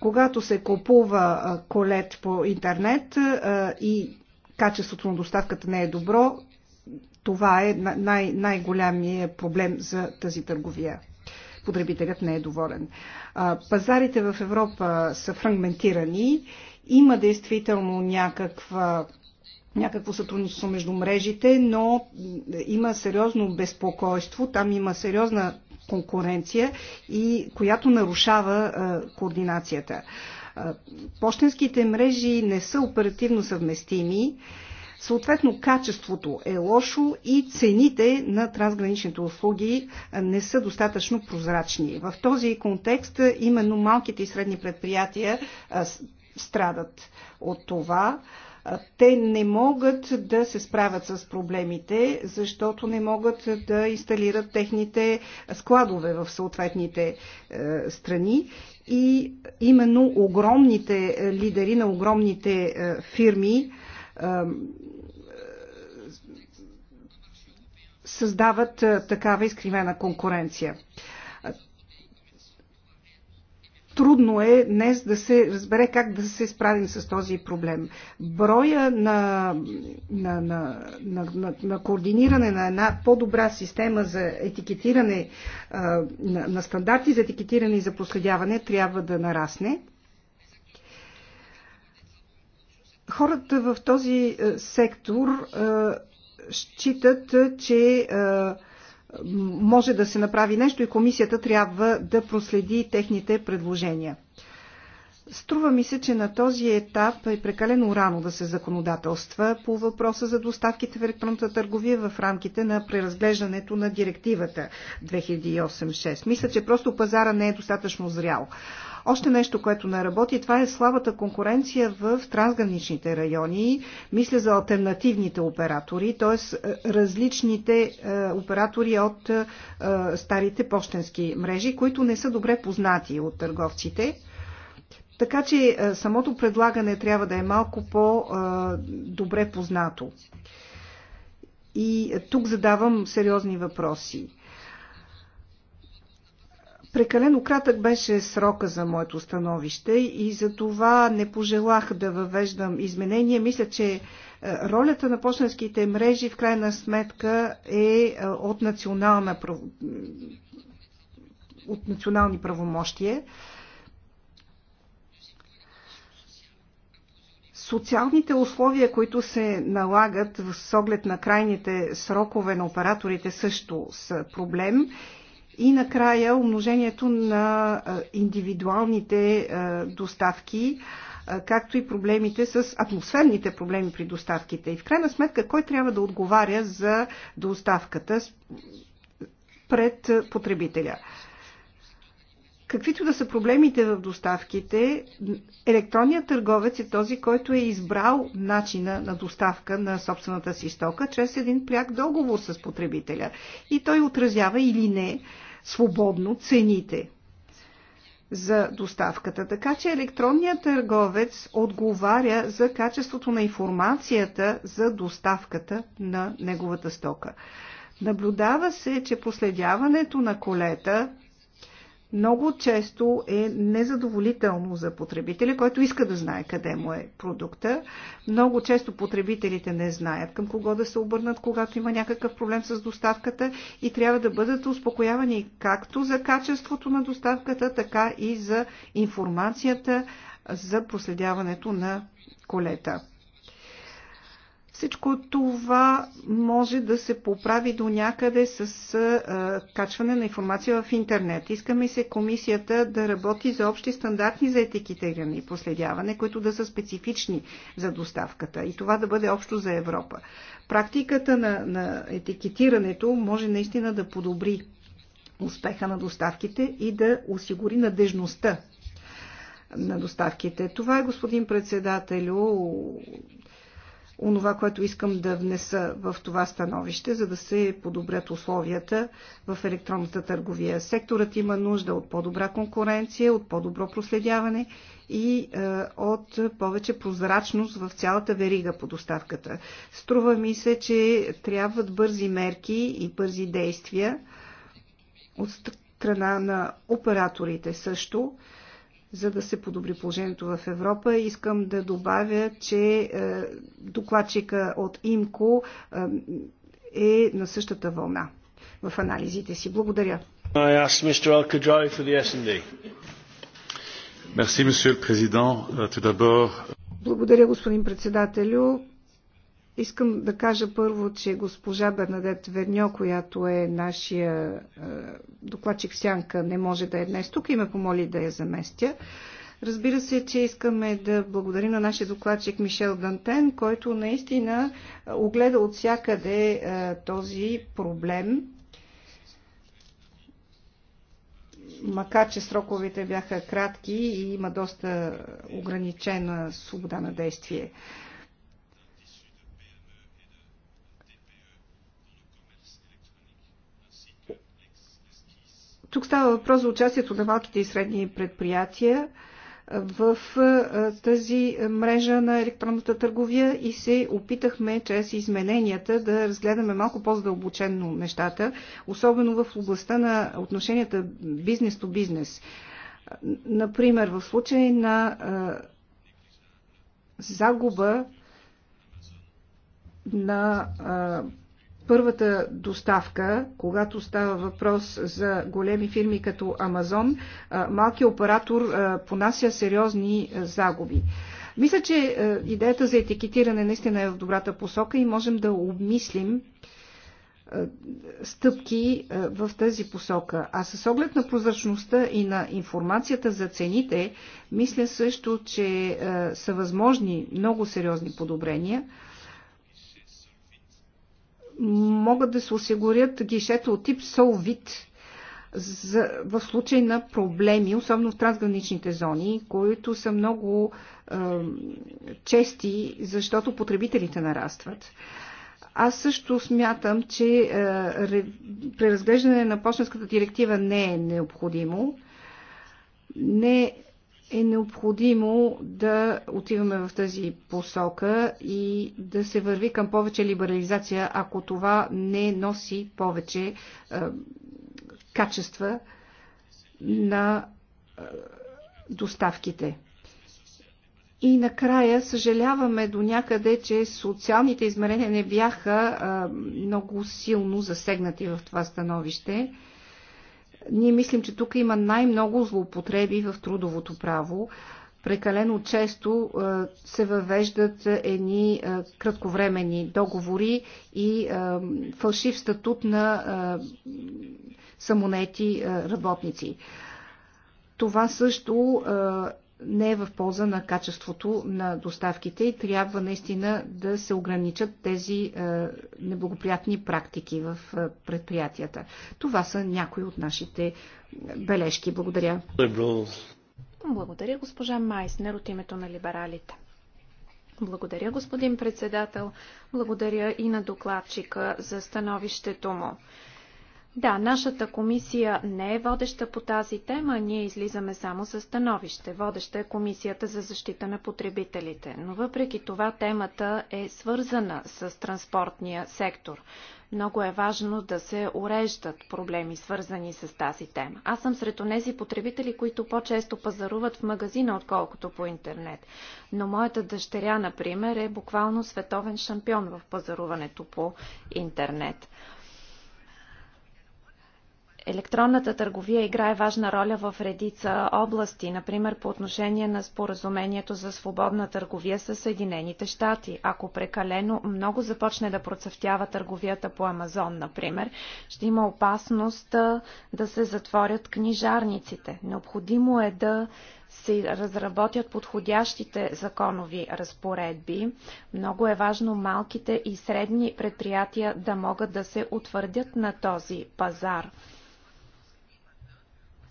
Когато се купува колет по интернет и качеството на доставката не е добро, това е най- най-голямият проблем за тази търговия потребителят не е доволен. Пазарите в Европа са фрагментирани. Има действително някаква някакво сътрудничество между мрежите, но има сериозно безпокойство, там има сериозна конкуренция и която нарушава координацията. Пощенските мрежи не са оперативно съвместими Съответно, качеството е лошо и цените на трансграничните услуги не са достатъчно прозрачни. В този контекст именно малките и средни предприятия страдат от това. Те не могат да се справят с проблемите, защото не могат да инсталират техните складове в съответните е, страни и именно огромните е, лидери на огромните е, фирми създават е, такава изкривена конкуренция. Трудно е днес да се разбере как да се справим с този проблем. Броя на, на, на, на, на, на координиране на една по-добра система за етикетиране, е, на, на стандарти за етикетиране и за проследяване трябва да нарасне. Хората в този е, сектор считат, че може да се направи нещо и комисията трябва да проследи техните предложения. Струва ми се, че на този етап е прекалено рано да се законодателства по въпроса за доставките в електронната търговия в рамките на преразглеждането на директивата 2008-6. Мисля, че просто пазара не е достатъчно зрял. Още нещо, което не работи, това е слабата конкуренция в трансграничните райони. Мисля за альтернативните оператори, т.е. различните е, оператори от е, старите почтенски мрежи, които не са добре познати от търговците. Така че е, самото предлагане трябва да е малко по-добре познато. И тук задавам сериозни въпроси. Прекалено кратък беше срока за моето становище и за това не пожелах да въвеждам изменения. Мисля, че е, ролята на почтенските мрежи в крайна сметка е, е от, национална, от национални правомощия. социалните условия, които се налагат с оглед на крайните срокове на операторите също са проблем и накрая умножението на индивидуалните доставки, както и проблемите с атмосферните проблеми при доставките. И в крайна сметка, кой трябва да отговаря за доставката пред потребителя? Каквито да са проблемите в доставките, електронният търговец е този, който е избрал начина на доставка на собствената си стока чрез един пряк договор с потребителя. И той отразява или не свободно цените за доставката. Така че електронният търговец отговаря за качеството на информацията за доставката на неговата стока. Наблюдава се, че последяването на колета много често е незадоволително за потребителя, който иска да знае къде му е продукта. Много често потребителите не знаят към кого да се обърнат, когато има някакъв проблем с доставката и трябва да бъдат успокоявани както за качеството на доставката, така и за информацията за проследяването на колета. Всичко това може да се поправи до някъде с а, качване на информация в интернет. Искаме се комисията да работи за общи стандарти за етикетиране и последяване, които да са специфични за доставката и това да бъде общо за Европа. Практиката на, на етикетирането може наистина да подобри успеха на доставките и да осигури надежността на доставките. Това е, господин председателю, онова, което искам да внеса в това становище, за да се подобрят условията в електронната търговия. Секторът има нужда от по-добра конкуренция, от по-добро проследяване и е, от повече прозрачност в цялата верига по доставката. Струва ми се, че трябват бързи мерки и бързи действия от страна на операторите също, за да се подобри положението в Европа. Искам да добавя, че е, докладчика от ИМКО е, е на същата вълна в анализите си. Благодаря. Euh, благодаря, господин председателю. Искам да кажа първо, че госпожа Бернадет Верньо, която е нашия е, докладчик Сянка, не може да е днес тук и ме помоли да я заместя. Разбира се, че искаме да благодарим на нашия докладчик Мишел Дантен, който наистина огледа от всякъде е, този проблем. Макар, че сроковете бяха кратки и има доста ограничена свобода на действие. Тук става въпрос за участието на малките и средни предприятия в тази мрежа на електронната търговия и се опитахме чрез измененията да разгледаме малко по-задълбоченно нещата, особено в областта на отношенията бизнес то бизнес. Например, в случай на загуба на първата доставка, когато става въпрос за големи фирми като Амазон, малкият оператор понася сериозни загуби. Мисля, че идеята за етикетиране наистина е в добрата посока и можем да обмислим стъпки в тази посока. А с оглед на прозрачността и на информацията за цените, мисля също, че са възможни много сериозни подобрения – могат да се осигурят гишета от тип Solvit за, в случай на проблеми, особено в трансграничните зони, които са много е, чести, защото потребителите нарастват. Аз също смятам, че е, преразглеждане на почтенската директива не е необходимо. Не е необходимо да отиваме в тази посока и да се върви към повече либерализация, ако това не носи повече е, качества на е, доставките. И накрая съжаляваме до някъде, че социалните измерения не бяха е, много силно засегнати в това становище. Ние мислим, че тук има най-много злоупотреби в трудовото право. Прекалено често е, се въвеждат едни е, кратковремени договори и е, фалшив статут на самонети работници. Това също не е в полза на качеството на доставките и трябва наистина да се ограничат тези е, неблагоприятни практики в е, предприятията. Това са някои от нашите бележки. Благодаря. Благодаря, госпожа Майснер, от името на либералите. Благодаря, господин председател. Благодаря и на докладчика за становището му. Да, нашата комисия не е водеща по тази тема, ние излизаме само с становище. Водеща е Комисията за защита на потребителите. Но въпреки това темата е свързана с транспортния сектор. Много е важно да се уреждат проблеми, свързани с тази тема. Аз съм сред онези потребители, които по-често пазаруват в магазина, отколкото по интернет. Но моята дъщеря, например, е буквално световен шампион в пазаруването по интернет. Електронната търговия играе важна роля в редица области, например по отношение на споразумението за свободна търговия с Съединените щати. Ако прекалено много започне да процъфтява търговията по Амазон, например, ще има опасност да се затворят книжарниците. Необходимо е да се разработят подходящите законови разпоредби. Много е важно малките и средни предприятия да могат да се утвърдят на този пазар.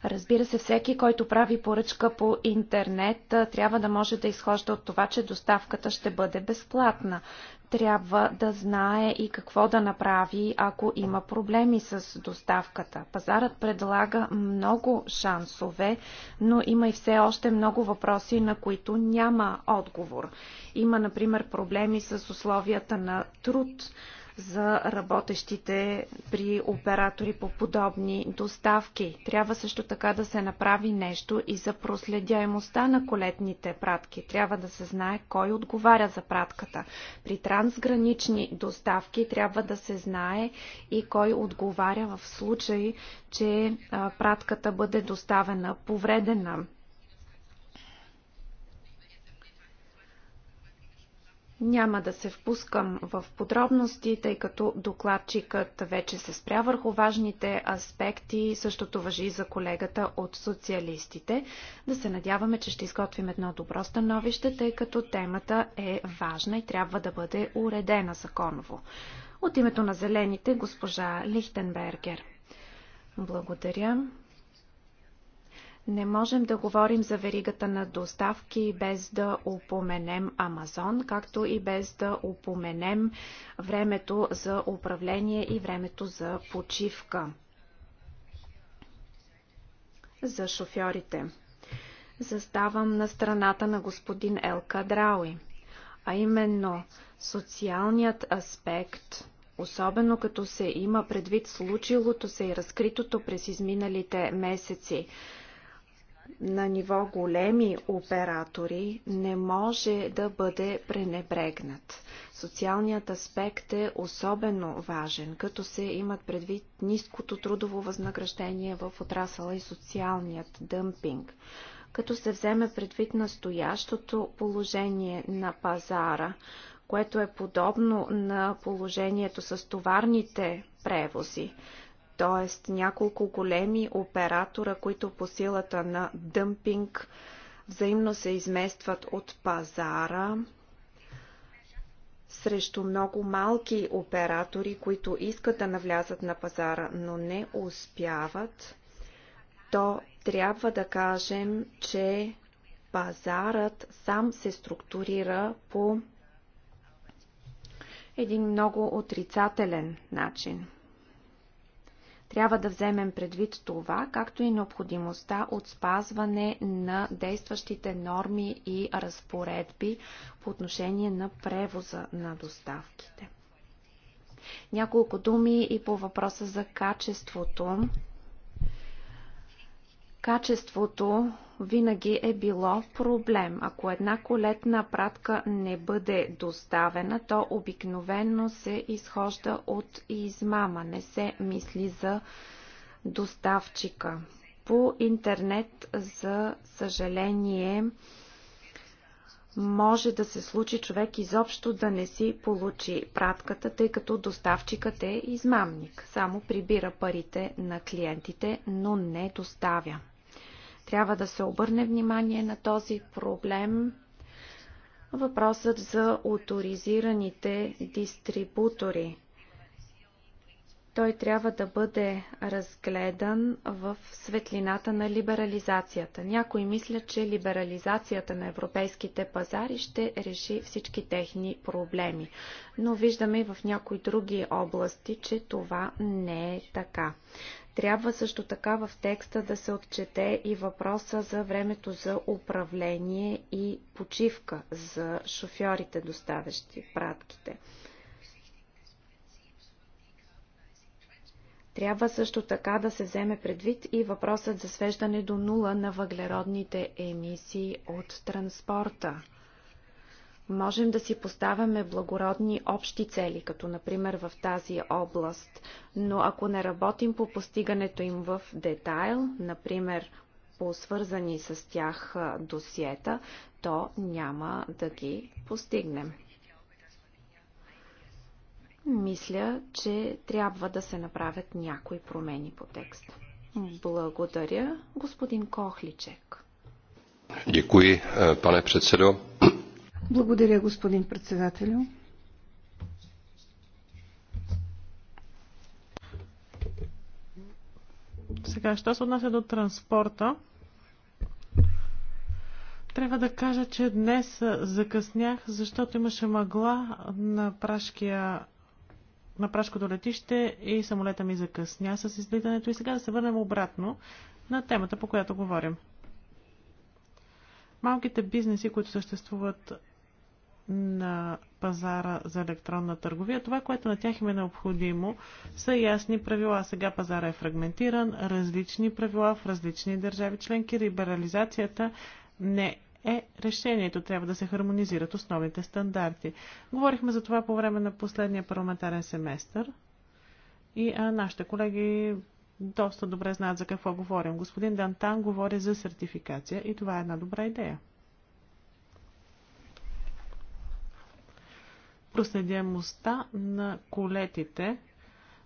Разбира се, всеки, който прави поръчка по интернет, трябва да може да изхожда от това, че доставката ще бъде безплатна. Трябва да знае и какво да направи, ако има проблеми с доставката. Пазарът предлага много шансове, но има и все още много въпроси, на които няма отговор. Има, например, проблеми с условията на труд за работещите при оператори по подобни доставки. Трябва също така да се направи нещо и за проследяемостта на колетните пратки. Трябва да се знае кой отговаря за пратката. При трансгранични доставки трябва да се знае и кой отговаря в случай, че пратката бъде доставена повредена Няма да се впускам в подробности, тъй като докладчикът вече се спря върху важните аспекти. Същото въжи и за колегата от социалистите. Да се надяваме, че ще изготвим едно добро становище, тъй като темата е важна и трябва да бъде уредена законово. От името на зелените госпожа Лихтенбергер. Благодаря. Не можем да говорим за веригата на доставки без да упоменем Амазон, както и без да упоменем времето за управление и времето за почивка за шофьорите. Заставам на страната на господин Елка Драуи, а именно социалният аспект особено като се има предвид случилото се и разкритото през изминалите месеци на ниво големи оператори не може да бъде пренебрегнат. Социалният аспект е особено важен, като се имат предвид ниското трудово възнаграждение в отрасъла и социалният дъмпинг. Като се вземе предвид настоящото положение на пазара, което е подобно на положението с товарните превози, т.е. няколко големи оператора, които по силата на дъмпинг взаимно се изместват от пазара срещу много малки оператори, които искат да навлязат на пазара, но не успяват, то трябва да кажем, че пазарът сам се структурира по един много отрицателен начин. Трябва да вземем предвид това, както и необходимостта от спазване на действащите норми и разпоредби по отношение на превоза на доставките. Няколко думи и по въпроса за качеството качеството винаги е било проблем. Ако една колетна пратка не бъде доставена, то обикновено се изхожда от измама. Не се мисли за доставчика. По интернет, за съжаление, може да се случи човек изобщо да не си получи пратката, тъй като доставчикът е измамник. Само прибира парите на клиентите, но не доставя. Трябва да се обърне внимание на този проблем. Въпросът за авторизираните дистрибутори. Той трябва да бъде разгледан в светлината на либерализацията. Някои мислят, че либерализацията на европейските пазари ще реши всички техни проблеми. Но виждаме и в някои други области, че това не е така. Трябва също така в текста да се отчете и въпроса за времето за управление и почивка за шофьорите, доставящи пратките. Трябва също така да се вземе предвид и въпросът за свеждане до нула на въглеродните емисии от транспорта. Можем да си поставяме благородни общи цели, като например в тази област, но ако не работим по постигането им в детайл, например по свързани с тях досиета, то няма да ги постигнем. Мисля, че трябва да се направят някои промени по текста. Благодаря, господин Кохличек. Děkuji, е, pane předsedo. Благодаря, господин председателю. Сега, що се отнася до транспорта, трябва да кажа, че днес закъснях, защото имаше мъгла на прашкия на прашкото летище и самолета ми закъсня с излитането. И сега да се върнем обратно на темата, по която говорим. Малките бизнеси, които съществуват на пазара за електронна търговия. Това, което на тях им е необходимо, са ясни правила. Сега пазара е фрагментиран, различни правила в различни държави членки. Либерализацията не е решението. Трябва да се хармонизират основните стандарти. Говорихме за това по време на последния парламентарен семестър. И а, нашите колеги доста добре знаят за какво говорим. Господин Дантан говори за сертификация и това е една добра идея. проследяемостта на колетите.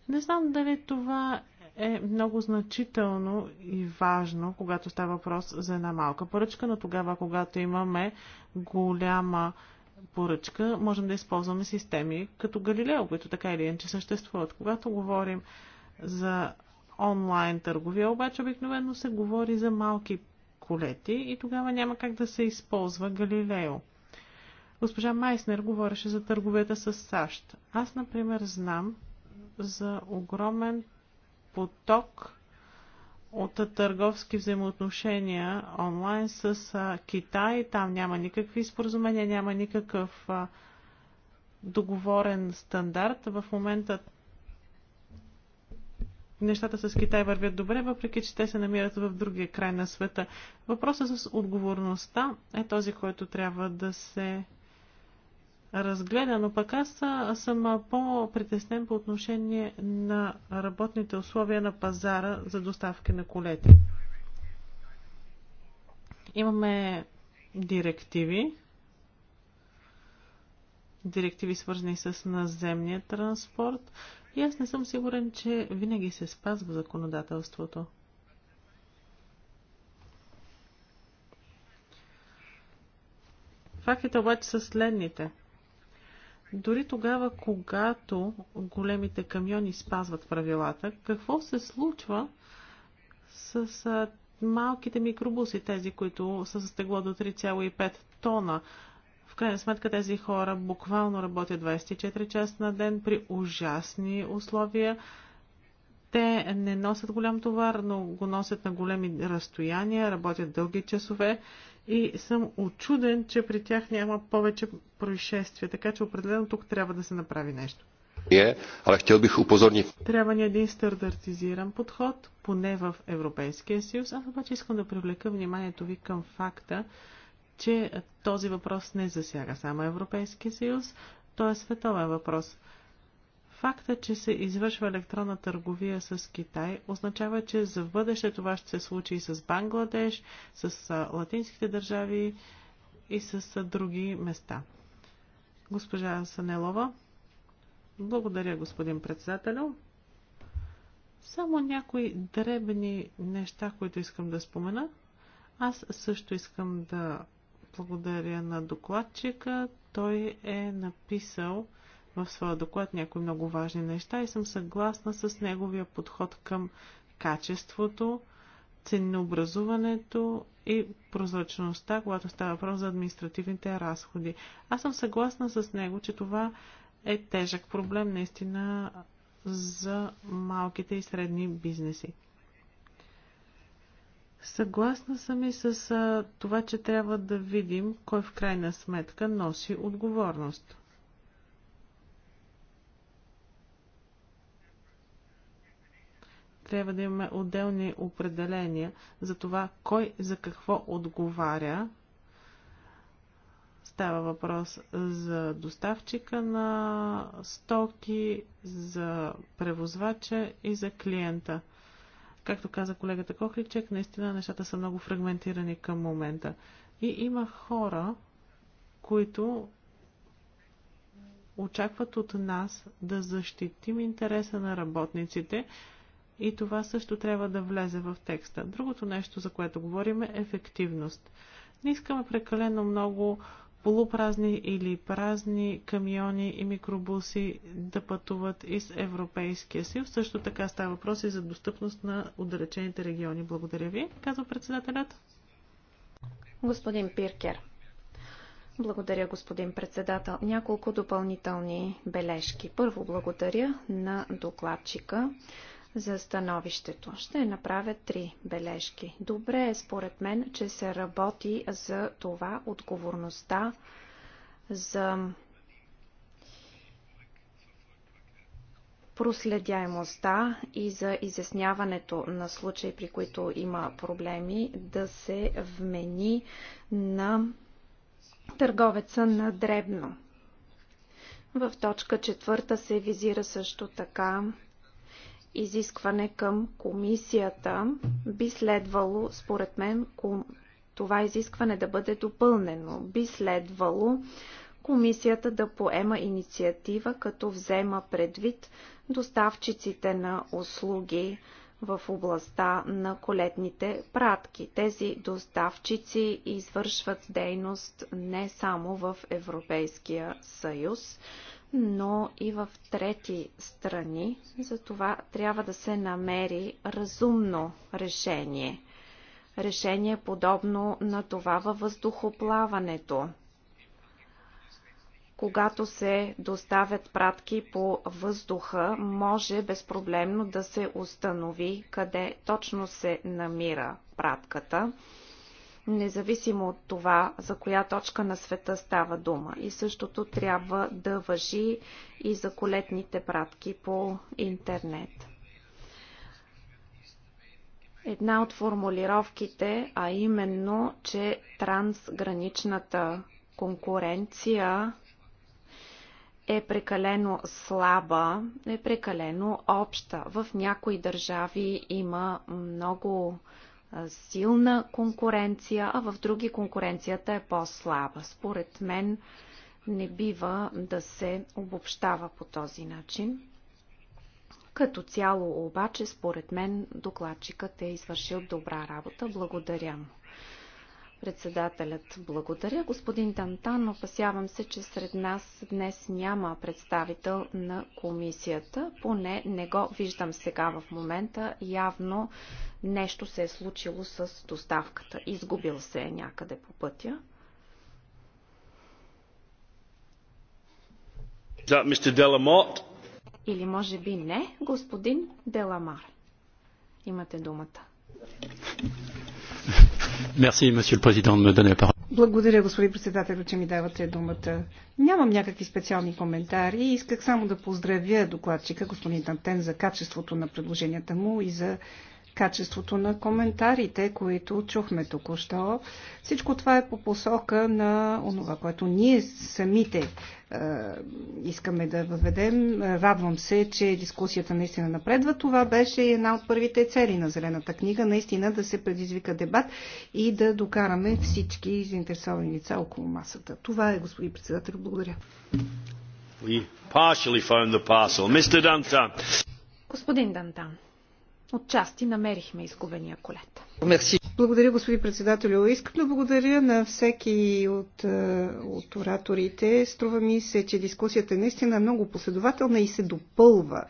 Не знам дали това е много значително и важно, когато става въпрос за една малка поръчка, но тогава, когато имаме голяма поръчка, можем да използваме системи като Галилео, които така или иначе съществуват. Когато говорим за онлайн търговия, обаче обикновено се говори за малки колети и тогава няма как да се използва Галилео. Госпожа Майснер говореше за търговете с САЩ. Аз, например, знам за огромен поток от търговски взаимоотношения онлайн с а, Китай. Там няма никакви споразумения, няма никакъв а, договорен стандарт. В момента нещата с Китай вървят добре, въпреки че те се намират в другия край на света. Въпросът с отговорността е този, който трябва да се разгледа, но пък аз съм по-притеснен по отношение на работните условия на пазара за доставки на колети. Имаме директиви, директиви свързани с наземния транспорт и аз не съм сигурен, че винаги се спазва законодателството. Фактите обаче са следните. Дори тогава, когато големите камиони спазват правилата, какво се случва с малките микробуси, тези, които са с тегло до 3,5 тона? В крайна сметка тези хора буквално работят 24 часа на ден при ужасни условия, те не носят голям товар, но го носят на големи разстояния, работят дълги часове и съм очуден, че при тях няма повече происшествия, така че определено тук трябва да се направи нещо. Е, але хотел бих упозорни. Трябва ни един стандартизиран подход, поне в Европейския съюз. Аз обаче искам да привлека вниманието ви към факта, че този въпрос не засяга само Европейския съюз, то е световен въпрос. Факта, че се извършва електронна търговия с Китай, означава, че за бъдеще това ще се случи и с Бангладеш, с латинските държави и с други места. Госпожа Санелова. Благодаря, господин председателю. Само някои дребни неща, които искам да спомена. Аз също искам да благодаря на докладчика. Той е написал в своя доклад някои много важни неща и съм съгласна с неговия подход към качеството, ценообразуването и прозрачността, когато става въпрос за административните разходи. Аз съм съгласна с него, че това е тежък проблем наистина за малките и средни бизнеси. Съгласна съм и с това, че трябва да видим кой в крайна сметка носи отговорност. трябва да имаме отделни определения за това кой за какво отговаря. Става въпрос за доставчика на стоки, за превозвача и за клиента. Както каза колегата Кохличек, наистина нещата са много фрагментирани към момента. И има хора, които очакват от нас да защитим интереса на работниците, и това също трябва да влезе в текста. Другото нещо, за което говорим е ефективност. Не искаме прекалено много полупразни или празни камиони и микробуси да пътуват из Европейския съюз. Също така става въпрос и за достъпност на отдалечените региони. Благодаря ви, казва председателят. Господин Пиркер. Благодаря, господин председател. Няколко допълнителни бележки. Първо благодаря на докладчика за становището. Ще направя три бележки. Добре е според мен, че се работи за това отговорността за проследяемостта и за изясняването на случаи, при които има проблеми, да се вмени на търговеца на дребно. В точка четвърта се визира също така изискване към комисията, би следвало, според мен, това изискване да бъде допълнено. Би следвало комисията да поема инициатива, като взема предвид доставчиците на услуги в областта на колетните пратки. Тези доставчици извършват дейност не само в Европейския съюз но и в трети страни. за това трябва да се намери разумно решение. Решение подобно на това във въздухоплаването. Когато се доставят пратки по въздуха, може безпроблемно да се установи къде точно се намира пратката независимо от това за коя точка на света става дума. И същото трябва да въжи и за колетните пратки по интернет. Една от формулировките, а именно, че трансграничната конкуренция е прекалено слаба, е прекалено обща. В някои държави има много силна конкуренция, а в други конкуренцията е по-слаба. Според мен не бива да се обобщава по този начин. Като цяло обаче, според мен, докладчикът е извършил добра работа. Благодаря му. Председателят благодаря. Господин Тантан, опасявам се, че сред нас днес няма представител на комисията. Поне не го виждам сега в момента. Явно нещо се е случило с доставката. Изгубил се е някъде по пътя. Или може би не, господин Деламар. Имате думата. Благодаря, господин председател, че ми давате думата. Нямам някакви специални коментари. Исках само да поздравя докладчика, господин Тантен, за качеството на предложенията му и за качеството на коментарите, които чухме току-що. Всичко това е по посока на онова, което ние самите е, искаме да въведем. Радвам се, че дискусията наистина напредва. Това беше една от първите цели на Зелената книга, наистина да се предизвика дебат и да докараме всички заинтересовани лица около масата. Това е, господин председател. Благодаря. Господин Дантан отчасти намерихме изгубения колет. Благодаря, господин председател. Искам да благодаря на всеки от, е, от ораторите. Струва ми се, че дискусията е наистина много последователна и се допълва.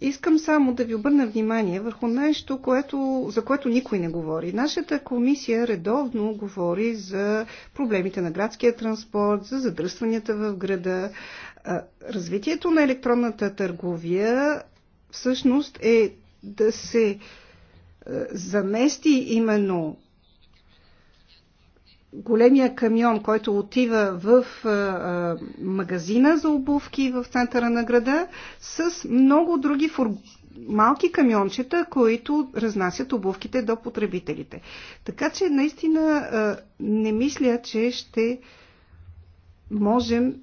Искам само да ви обърна внимание върху нещо, което, за което никой не говори. Нашата комисия редовно говори за проблемите на градския транспорт, за задръстванията в града. Е, развитието на електронната търговия всъщност е да се е, замести именно големия камион, който отива в е, е, магазина за обувки в центъра на града, с много други фур... малки камиончета, които разнасят обувките до потребителите. Така че наистина е, не мисля, че ще можем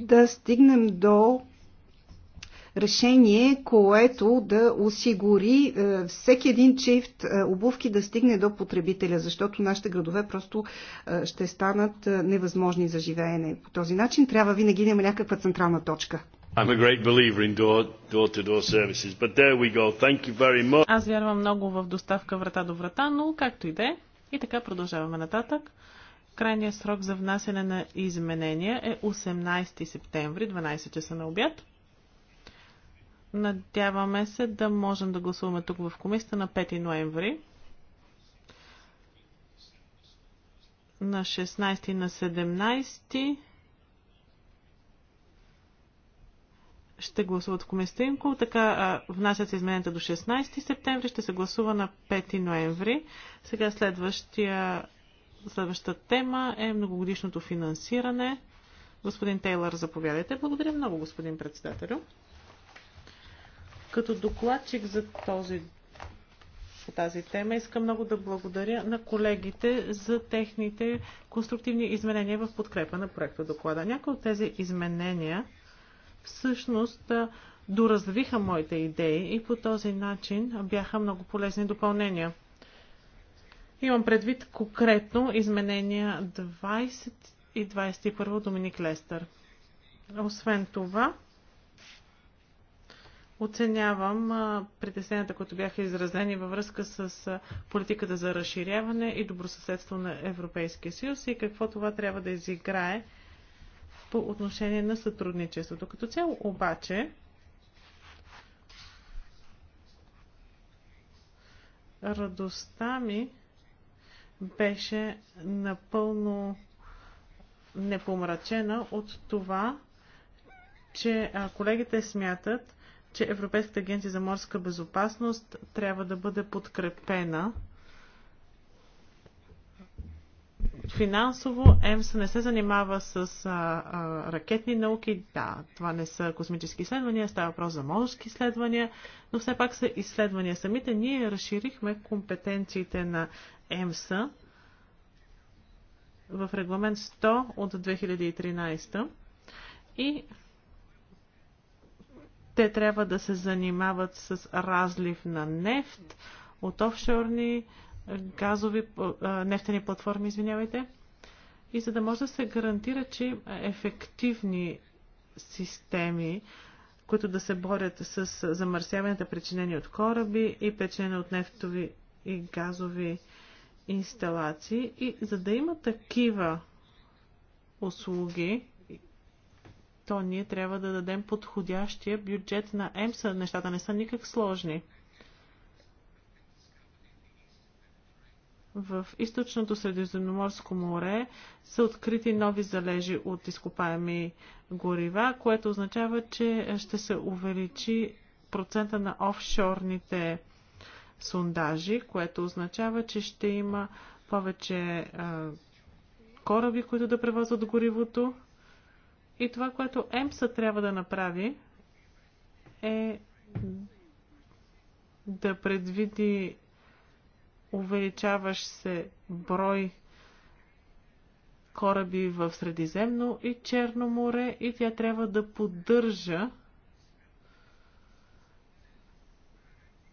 да стигнем до решение, което да осигури е, всеки един чифт е, обувки да стигне до потребителя, защото нашите градове просто е, ще станат невъзможни за живеене. По този начин трябва винаги да има някаква централна точка. I'm a great believer in door-to-door -door services, but there we go. Thank you very much. Аз вярвам много в доставка врата до врата, но както и да е. И така продължаваме нататък. Крайният срок за внасяне на изменения е 18 септември, 12 часа на обяд. Надяваме се да можем да гласуваме тук в комисията на 5 ноември. На 16 на 17 ще гласуват в комисията Инко. Така внасят се измененията до 16 септември. Ще се гласува на 5 ноември. Сега следващия, следващата тема е многогодишното финансиране. Господин Тейлър, заповядайте. Благодаря много, господин председателю. Като докладчик за този, по тази тема искам много да благодаря на колегите за техните конструктивни изменения в подкрепа на проекта доклада. Някои от тези изменения всъщност доразвиха моите идеи и по този начин бяха много полезни допълнения. Имам предвид конкретно изменения 20 и 21 Доминик Лестър. Освен това, оценявам притесненията, които бяха изразени във връзка с политиката за разширяване и добросъседство на Европейския съюз и какво това трябва да изиграе по отношение на сътрудничеството. Като цяло обаче радостта ми беше напълно непомрачена от това, че колегите смятат, че Европейската агенция за морска безопасност трябва да бъде подкрепена. Финансово ЕМС не се занимава с а, а, ракетни науки, да, това не са космически изследвания, става въпрос за морски изследвания, но все пак са изследвания самите. Ние разширихме компетенциите на ЕМСА в регламент 100 от 2013 и те трябва да се занимават с разлив на нефт от офшорни е, газови, е, нефтени платформи, извинявайте. И за да може да се гарантира, че има ефективни системи, които да се борят с замърсяванията, причинени от кораби и причинени от нефтови и газови инсталации. И за да има такива услуги, то ние трябва да дадем подходящия бюджет на ЕМСА. Нещата не са никак сложни. В източното Средиземноморско море са открити нови залежи от изкопаеми горива, което означава, че ще се увеличи процента на офшорните сундажи, което означава, че ще има повече а, кораби, които да превозват горивото. И това, което ЕМСА трябва да направи, е да предвиди увеличаващ се брой кораби в Средиземно и Черно море и тя трябва да поддържа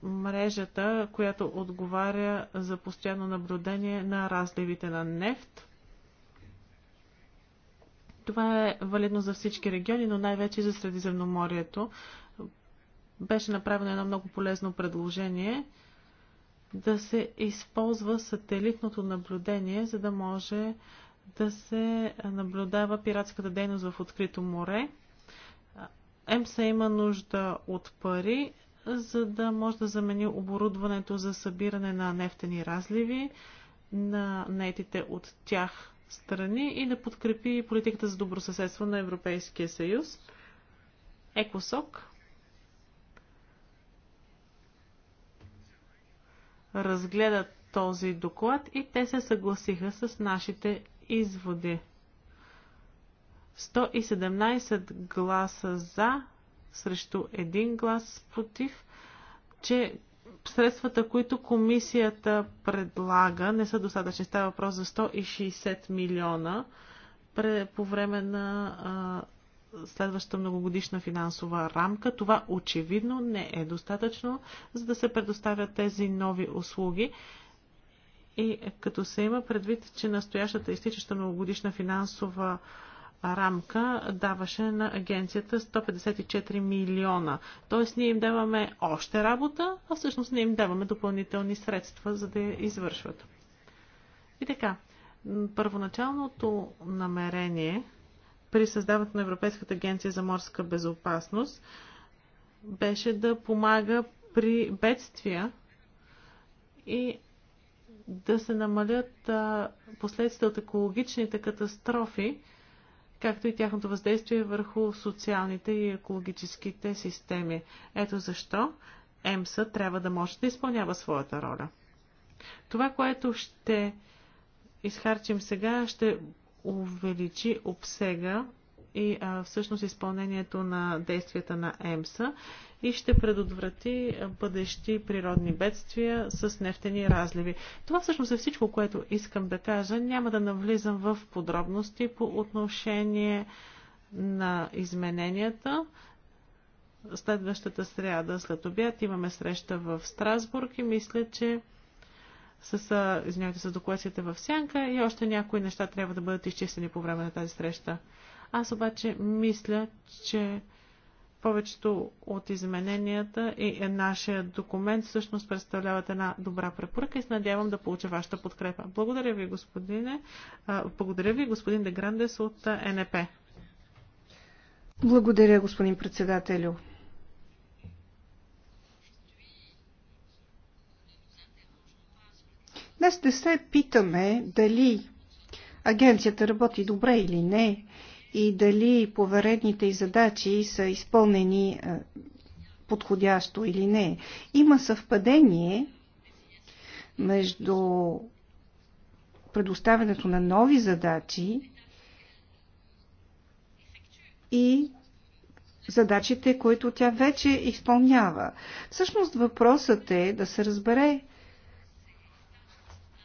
мрежата, която отговаря за постоянно наблюдение на разливите на нефт. Това е валидно за всички региони, но най-вече за Средиземноморието. Беше направено едно много полезно предложение да се използва сателитното наблюдение, за да може да се наблюдава пиратската дейност в открито море. МСА има нужда от пари, за да може да замени оборудването за събиране на нефтени разливи на наетите от тях страни и да подкрепи политиката за добросъседство на Европейския съюз. ЕКОСОК разгледа този доклад и те се съгласиха с нашите изводи. 117 гласа за срещу 1 глас против, че средствата, които комисията предлага, не са достатъчни. Става въпрос за 160 милиона по време на а, следващата многогодишна финансова рамка. Това очевидно не е достатъчно, за да се предоставят тези нови услуги. И като се има предвид, че настоящата изтичаща многогодишна финансова рамка рамка даваше на агенцията 154 милиона. Тоест ние им даваме още работа, а всъщност ние им даваме допълнителни средства, за да я извършват. И така, първоначалното намерение при създаването на Европейската агенция за морска безопасност беше да помага при бедствия и да се намалят последствията от екологичните катастрофи, както и тяхното въздействие върху социалните и екологическите системи. Ето защо ЕМСА трябва да може да изпълнява своята роля. Това, което ще изхарчим сега, ще увеличи обсега и а, всъщност изпълнението на действията на ЕМСА и ще предотврати бъдещи природни бедствия с нефтени разливи. Това всъщност е всичко, което искам да кажа. Няма да навлизам в подробности по отношение на измененията. Следващата сряда след обяд имаме среща в Страсбург и мисля, че с, извинявайте, с докладите в сянка и още някои неща трябва да бъдат изчистени по време на тази среща. Аз обаче мисля, че повечето от измененията и нашия документ всъщност представляват една добра препоръка и се надявам да получа вашата подкрепа. Благодаря ви, господине. Благодаря ви, господин Деграндес от НП. Благодаря, господин председателю. Днес не се питаме дали агенцията работи добре или не и дали поверените й задачи са изпълнени е, подходящо или не. Има съвпадение между предоставянето на нови задачи и задачите, които тя вече изпълнява. Всъщност въпросът е да се разбере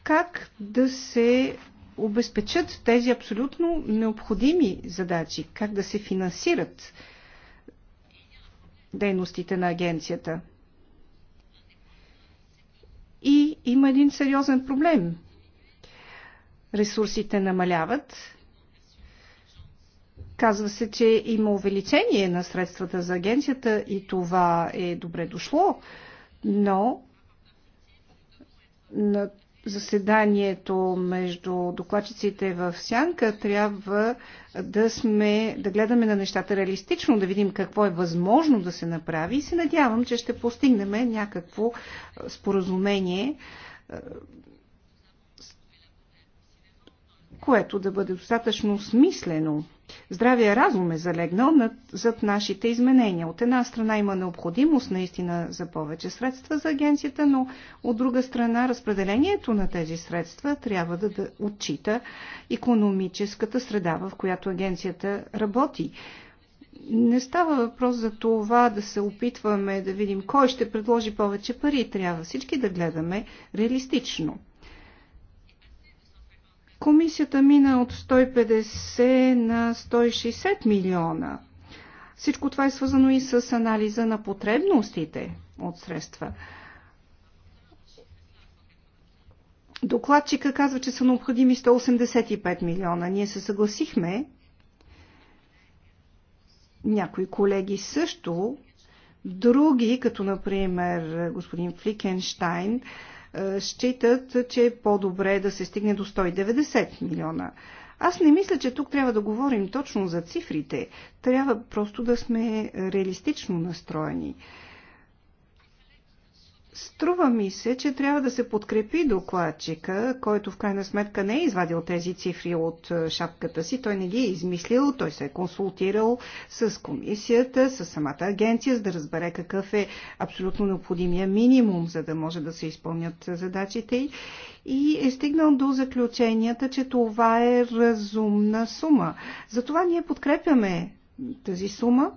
как да се обезпечат тези абсолютно необходими задачи, как да се финансират дейностите на агенцията. И има един сериозен проблем. Ресурсите намаляват. Казва се, че има увеличение на средствата за агенцията и това е добре дошло, но на заседанието между докладчиците в Сянка трябва да сме, да гледаме на нещата реалистично, да видим какво е възможно да се направи и се надявам, че ще постигнем някакво споразумение което да бъде достатъчно смислено. Здравия разум е залегнал над, зад нашите изменения. От една страна има необходимост наистина за повече средства за агенцията, но от друга страна разпределението на тези средства трябва да, да отчита економическата среда, в която агенцията работи. Не става въпрос за това да се опитваме да видим кой ще предложи повече пари. Трябва всички да гледаме реалистично. Комисията мина от 150 на 160 милиона. Всичко това е свързано и с анализа на потребностите от средства. Докладчика казва, че са необходими 185 милиона. Ние се съгласихме. Някои колеги също. Други, като например господин Фликенштайн, считат, че е по-добре да се стигне до 190 милиона. Аз не мисля, че тук трябва да говорим точно за цифрите. Трябва просто да сме реалистично настроени. Струва ми се, че трябва да се подкрепи докладчика, който в крайна сметка не е извадил тези цифри от шапката си. Той не ги е измислил, той се е консултирал с комисията, с самата агенция, за да разбере какъв е абсолютно необходимия минимум, за да може да се изпълнят задачите й. И е стигнал до заключенията, че това е разумна сума. Затова ние подкрепяме тази сума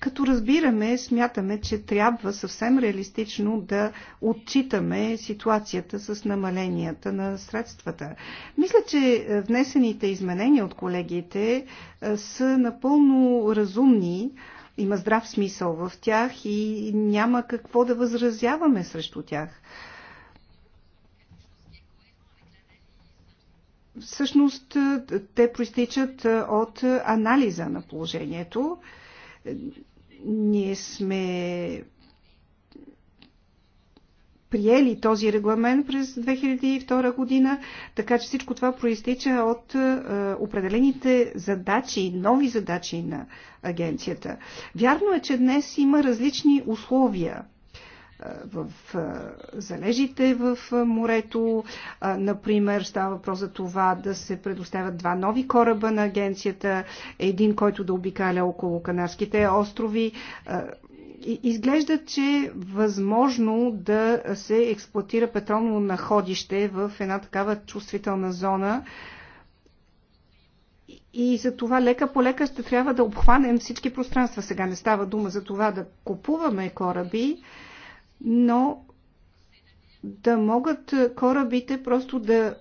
като разбираме, смятаме, че трябва съвсем реалистично да отчитаме ситуацията с намаленията на средствата. Мисля, че е, внесените изменения от колегите е, са напълно разумни, има здрав смисъл в тях и няма какво да възразяваме срещу тях. Всъщност, е, те проистичат от анализа на положението ние сме приели този регламент през 2002 година, така че всичко това проистича от е, определените задачи, нови задачи на агенцията. Вярно е, че днес има различни условия в залежите в морето. Например, става въпрос за това да се предоставят два нови кораба на агенцията, един, който да обикаля около Канарските острови. Изглежда, че е възможно да се експлуатира петролно находище в една такава чувствителна зона, и за това лека по лека ще трябва да обхванем всички пространства. Сега не става дума за това да купуваме кораби, но да могат корабите просто да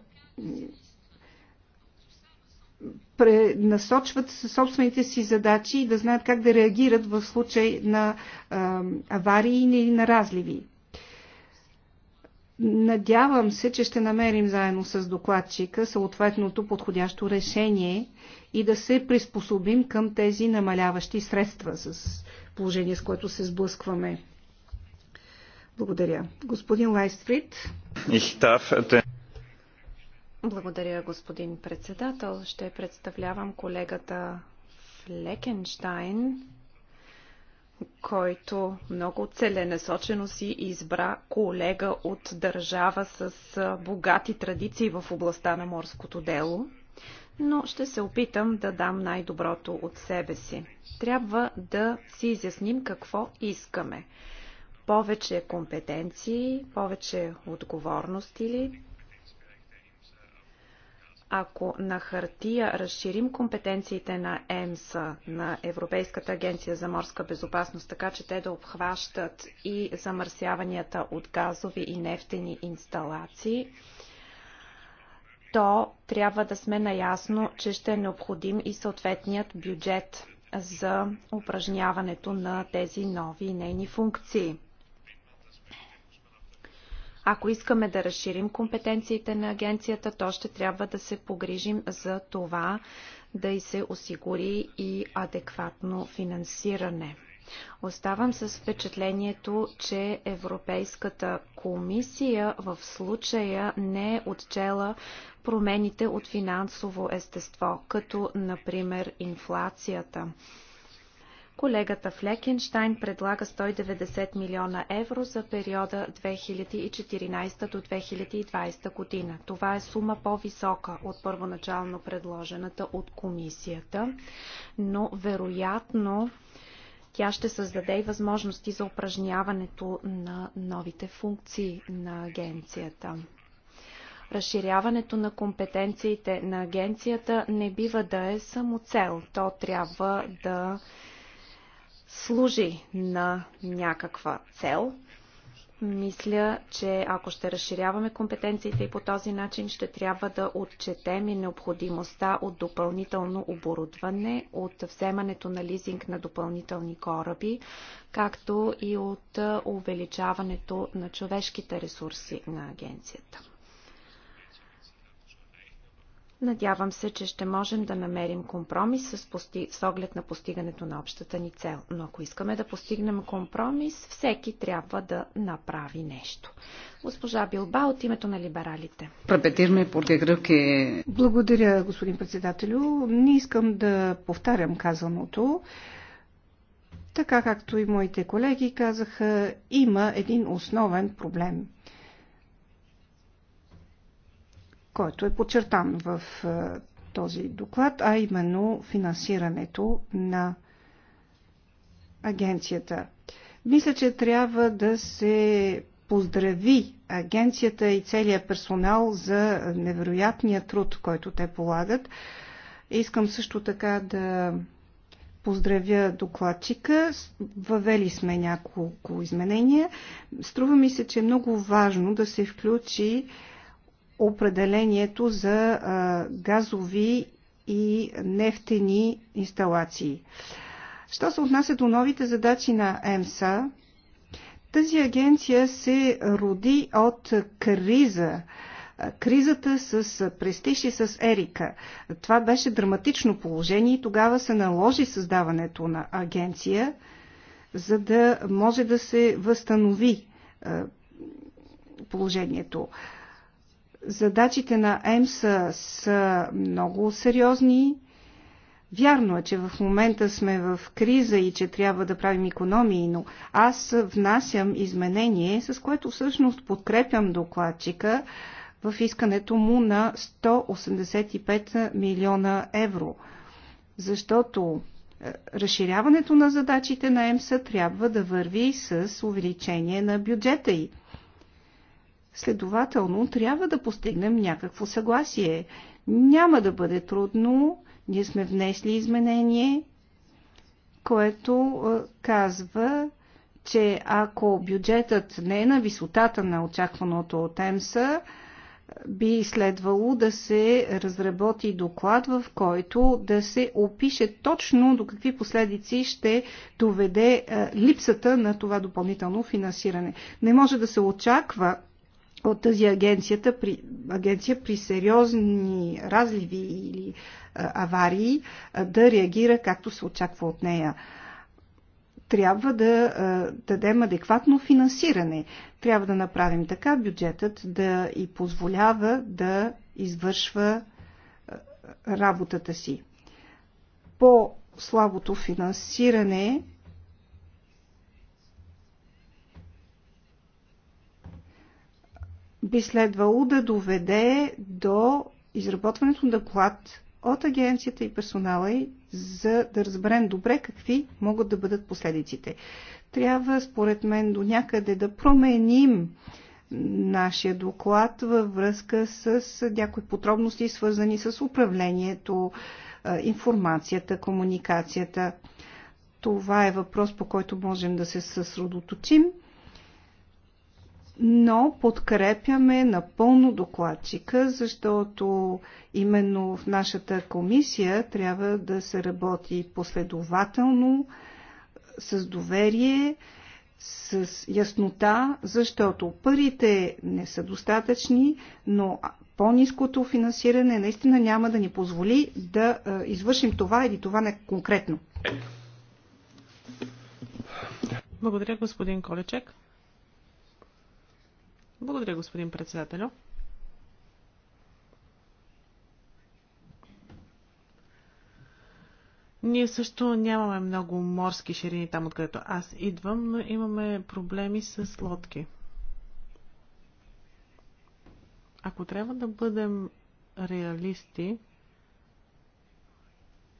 пренасочват собствените си задачи и да знаят как да реагират в случай на а, аварии или на разливи. Надявам се, че ще намерим заедно с докладчика съответното подходящо решение и да се приспособим към тези намаляващи средства с положение, с което се сблъскваме. Благодаря. Господин Лайстрит. Благодаря, господин председател. Ще представлявам колегата Флекенштайн, който много целенасочено си избра колега от държава с богати традиции в областта на морското дело, но ще се опитам да дам най-доброто от себе си. Трябва да си изясним какво искаме повече компетенции, повече отговорности ли? Ако на хартия разширим компетенциите на ЕМСА, на Европейската агенция за морска безопасност, така че те да обхващат и замърсяванията от газови и нефтени инсталации, то трябва да сме наясно, че ще е необходим и съответният бюджет за упражняването на тези нови нейни функции. Ако искаме да разширим компетенциите на агенцията, то ще трябва да се погрижим за това да й се осигури и адекватно финансиране. Оставам с впечатлението, че Европейската комисия в случая не е отчела промените от финансово естество, като например инфлацията. Колегата Флекенштайн предлага 190 милиона евро за периода 2014 до 2020 година. Това е сума по-висока от първоначално предложената от комисията, но вероятно тя ще създаде и възможности за упражняването на новите функции на агенцията. Разширяването на компетенциите на агенцията не бива да е самоцел. То трябва да служи на някаква цел. Мисля, че ако ще разширяваме компетенциите и по този начин ще трябва да отчетем и необходимостта от допълнително оборудване, от вземането на лизинг на допълнителни кораби, както и от увеличаването на човешките ресурси на агенцията. Надявам се, че ще можем да намерим компромис с, пости... с оглед на постигането на общата ни цел. Но ако искаме да постигнем компромис, всеки трябва да направи нещо. Госпожа Билба от името на либералите. Благодаря, господин председателю. Не искам да повтарям казаното. Така както и моите колеги казаха, има един основен проблем – който е подчертан в е, този доклад, а именно финансирането на агенцията. Мисля, че трябва да се поздрави агенцията и целият персонал за невероятния труд, който те полагат. Искам също така да поздравя докладчика. Въвели сме няколко изменения. Струва ми се, че е много важно да се включи определението за газови и нефтени инсталации. Що се отнася до новите задачи на ЕМСА, тази агенция се роди от криза. Кризата с престиж и с Ерика. Това беше драматично положение и тогава се наложи създаването на агенция, за да може да се възстанови положението. Задачите на ЕМСА са много сериозни. Вярно е, че в момента сме в криза и че трябва да правим економии, но аз внасям изменение, с което всъщност подкрепям докладчика в искането му на 185 милиона евро. Защото е, разширяването на задачите на ЕМСА трябва да върви с увеличение на бюджета й. Следователно, трябва да постигнем някакво съгласие. Няма да бъде трудно. Ние сме внесли изменение, което е, казва, че ако бюджетът не е на висотата на очакваното от ЕМСА, би следвало да се разработи доклад, в който да се опише точно до какви последици ще доведе е, липсата на това допълнително финансиране. Не може да се очаква от тази агенцията при, агенция при сериозни разливи или а, аварии а, да реагира както се очаква от нея. Трябва да а, дадем адекватно финансиране. Трябва да направим така бюджетът да и позволява да извършва а, работата си. По слабото финансиране би следвало да доведе до изработването на доклад от агенцията и персонала за да разберем добре какви могат да бъдат последиците. Трябва, според мен, до някъде да променим нашия доклад във връзка с някои подробности, свързани с управлението, информацията, комуникацията. Това е въпрос, по който можем да се съсредоточим – но подкрепяме напълно докладчика, защото именно в нашата комисия трябва да се работи последователно, с доверие, с яснота, защото парите не са достатъчни, но по-низкото финансиране наистина няма да ни позволи да извършим това или това не конкретно. Благодаря, господин Колечек. Благодаря, господин председателю. Ние също нямаме много морски ширини там, откъдето аз идвам, но имаме проблеми с лодки. Ако трябва да бъдем реалисти,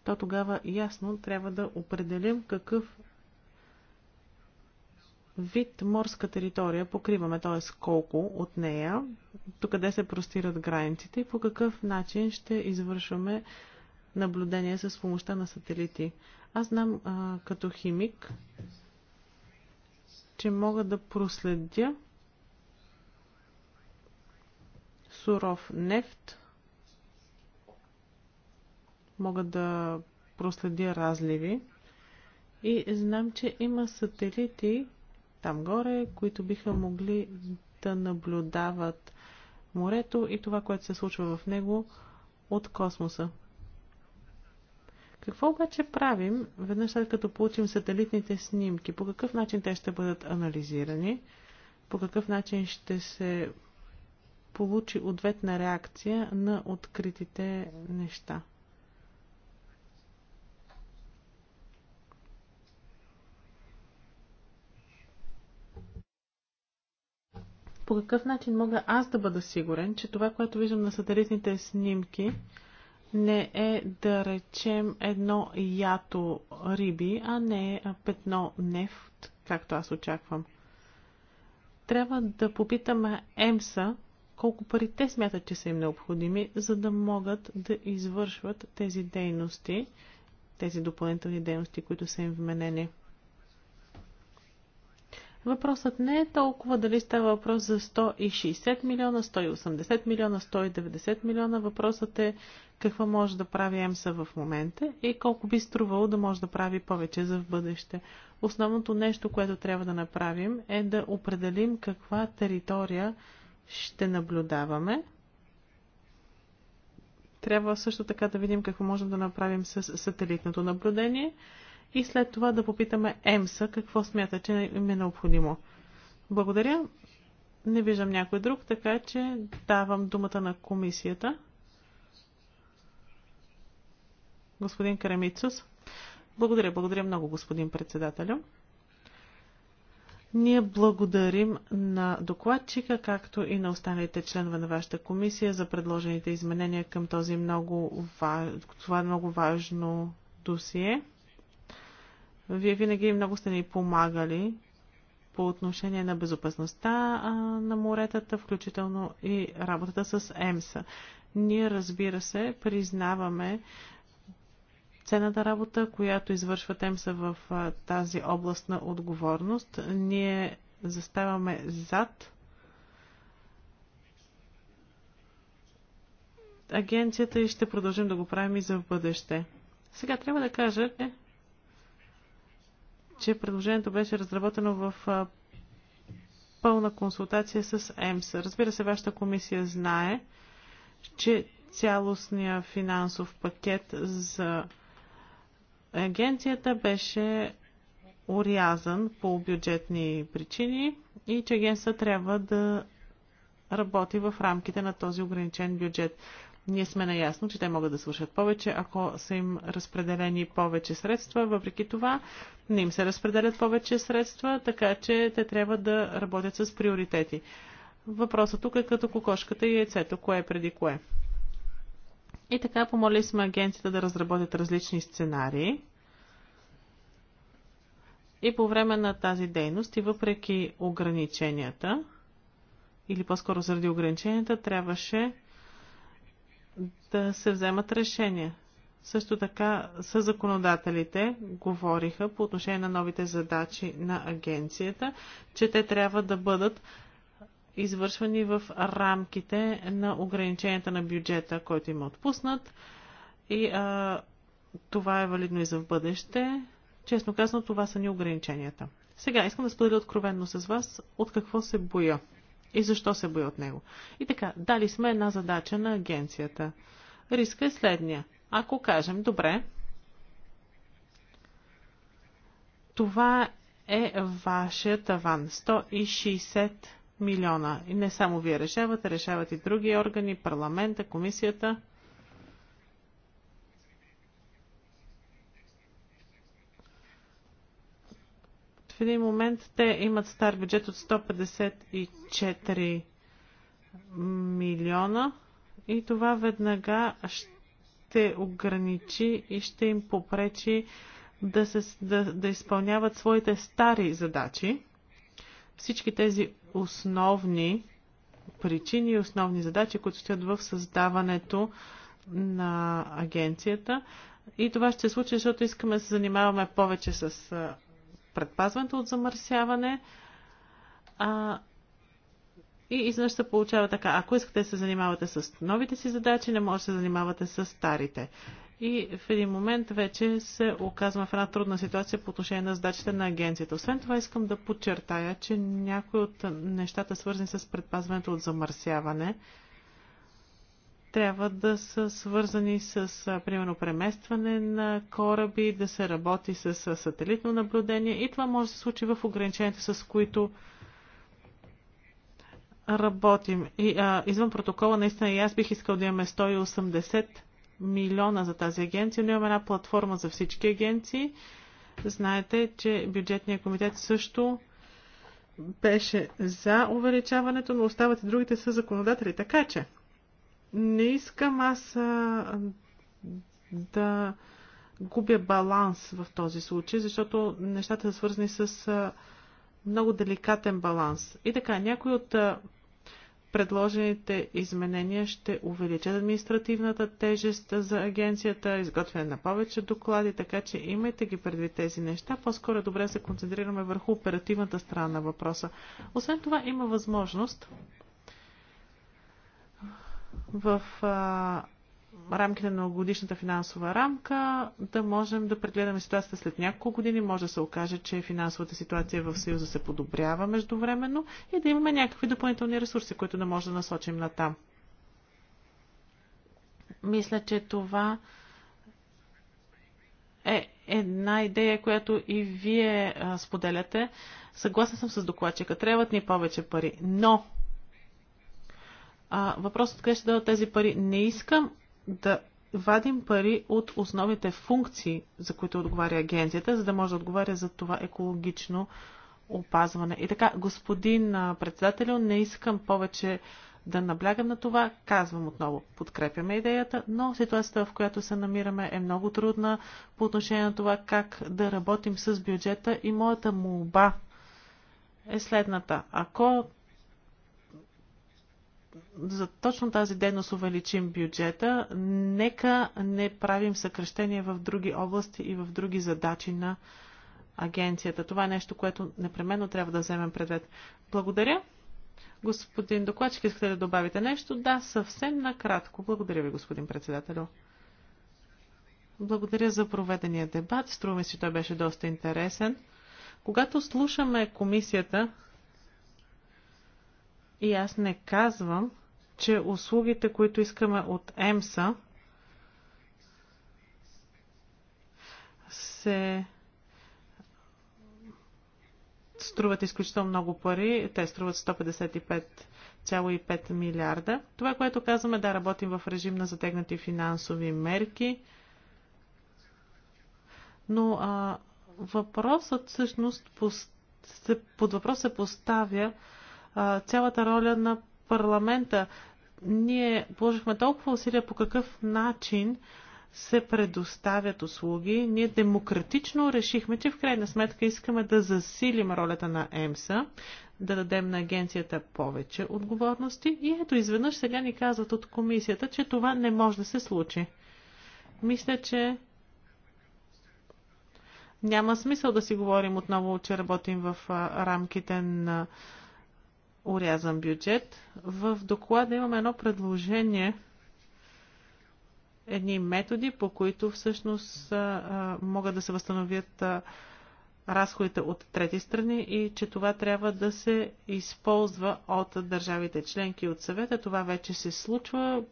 то тогава ясно трябва да определим какъв вид морска територия покриваме, т.е. колко от нея, тук къде се простират границите и по какъв начин ще извършваме наблюдение с помощта на сателити. Аз знам а, като химик, че мога да проследя суров нефт, мога да проследя разливи и знам, че има сателити, там горе, които биха могли да наблюдават морето и това, което се случва в него от космоса. Какво обаче правим, веднъж след като получим сателитните снимки? По какъв начин те ще бъдат анализирани? По какъв начин ще се получи ответна реакция на откритите неща? По какъв начин мога аз да бъда сигурен, че това, което виждам на сателитните снимки, не е да речем едно ято риби, а не е петно нефт, както аз очаквам. Трябва да попитаме Емса колко пари те смятат, че са им необходими, за да могат да извършват тези дейности, тези допълнителни дейности, които са им вменени. Въпросът не е толкова дали става въпрос за 160 милиона, 180 милиона, 190 милиона. Въпросът е какво може да прави ЕМСА в момента и колко би струвало да може да прави повече за в бъдеще. Основното нещо, което трябва да направим е да определим каква територия ще наблюдаваме. Трябва също така да видим какво можем да направим с сателитното наблюдение и след това да попитаме ЕМСА какво смята, че им е необходимо. Благодаря. Не виждам някой друг, така че давам думата на комисията. Господин Карамицус. Благодаря, благодаря много, господин председателю. Ние благодарим на докладчика, както и на останалите членове на вашата комисия за предложените изменения към този много, това много важно досие. Вие винаги много сте ни помагали по отношение на безопасността а, на моретата, включително и работата с ЕМСА. Ние, разбира се, признаваме цената работа, която извършва ЕМСА в а, тази област на отговорност. Ние заставаме зад агенцията и ще продължим да го правим и за в бъдеще. Сега трябва да кажа, че че предложението беше разработено в пълна консултация с ЕМС. Разбира се, вашата комисия знае, че цялостния финансов пакет за агенцията беше урязан по бюджетни причини и че агенцията трябва да работи в рамките на този ограничен бюджет. Ние сме наясно, че те могат да свършат повече, ако са им разпределени повече средства. Въпреки това, не им се разпределят повече средства, така че те трябва да работят с приоритети. Въпросът тук е като кокошката и яйцето, кое е преди кое. И така помолили сме агенцията да разработят различни сценарии. И по време на тази дейност и въпреки ограниченията, или по-скоро заради ограниченията, трябваше да се вземат решения. Също така със законодателите говориха по отношение на новите задачи на агенцията, че те трябва да бъдат извършвани в рамките на ограниченията на бюджета, който има е отпуснат. И а, това е валидно и за в бъдеще. Честно казано, това са ни ограниченията. Сега искам да споделя откровенно с вас от какво се боя и защо се бои от него. И така, дали сме една задача на агенцията. Риска е следния. Ако кажем, добре, това е вашия таван. 160 милиона. И не само вие решавате, решават и други органи, парламента, комисията – В един момент те имат стар бюджет от 154 милиона и това веднага ще ограничи и ще им попречи да, се, да, да изпълняват своите стари задачи. Всички тези основни причини и основни задачи, които стоят в създаването на агенцията. И това ще се случи, защото искаме да се занимаваме повече с предпазването от замърсяване. А, и изведнъж се получава така. Ако искате да се занимавате с новите си задачи, не може да се занимавате с старите. И в един момент вече се оказва в една трудна ситуация по отношение на задачите на агенцията. Освен това искам да подчертая, че някои от нещата свързани с предпазването от замърсяване, трябва да са свързани с, примерно, преместване на кораби, да се работи с сателитно наблюдение и това може да се случи в ограниченията, с които работим. И, а, извън протокола, наистина и аз бих искал да имаме 180 милиона за тази агенция, но имаме една платформа за всички агенции. Знаете, че бюджетният комитет също беше за увеличаването, но остават и другите са законодатели. Така че, не искам аз а, да губя баланс в този случай, защото нещата са свързани с а, много деликатен баланс. И така, някои от а, предложените изменения ще увеличат административната тежест за агенцията, изготвяне на повече доклади, така че имайте ги предвид тези неща. По-скоро е добре се концентрираме върху оперативната страна на въпроса. Освен това има възможност в а, рамките на годишната финансова рамка да можем да прегледаме ситуацията след няколко години. Може да се окаже, че финансовата ситуация в Съюза се подобрява междувременно и да имаме някакви допълнителни ресурси, които да може да насочим на там. Мисля, че това е една идея, която и вие а, споделяте. Съгласна съм с докладчика. Трябват ни повече пари. Но а, въпросът къде ще дадат тези пари? Не искам да вадим пари от основните функции, за които отговаря агенцията, за да може да отговаря за това екологично опазване. И така, господин председател, не искам повече да наблягам на това. Казвам отново, подкрепяме идеята, но ситуацията, в която се намираме е много трудна по отношение на това как да работим с бюджета и моята молба е следната. Ако за точно тази дейност увеличим бюджета, нека не правим съкрещения в други области и в други задачи на агенцията. Това е нещо, което непременно трябва да вземем предвид. Благодаря. Господин докладчик, искате да добавите нещо? Да, съвсем накратко. Благодаря ви, господин председателю. Благодаря за проведения дебат. Струва ми се, той беше доста интересен. Когато слушаме комисията, и аз не казвам, че услугите, които искаме от ЕМСА, се струват изключително много пари. Те струват 155,5 милиарда. Това, което казваме, да работим в режим на затегнати финансови мерки. Но а, въпросът всъщност под въпрос се поставя цялата роля на парламента. Ние положихме толкова усилия по какъв начин се предоставят услуги. Ние демократично решихме, че в крайна сметка искаме да засилим ролята на ЕМСА, да дадем на агенцията повече отговорности и ето изведнъж сега ни казват от комисията, че това не може да се случи. Мисля, че няма смисъл да си говорим отново, че работим в рамките на урязан бюджет. В доклада имаме едно предложение, едни методи, по които всъщност а, могат да се възстановят а, разходите от трети страни и че това трябва да се използва от държавите членки от съвета. Това вече се случва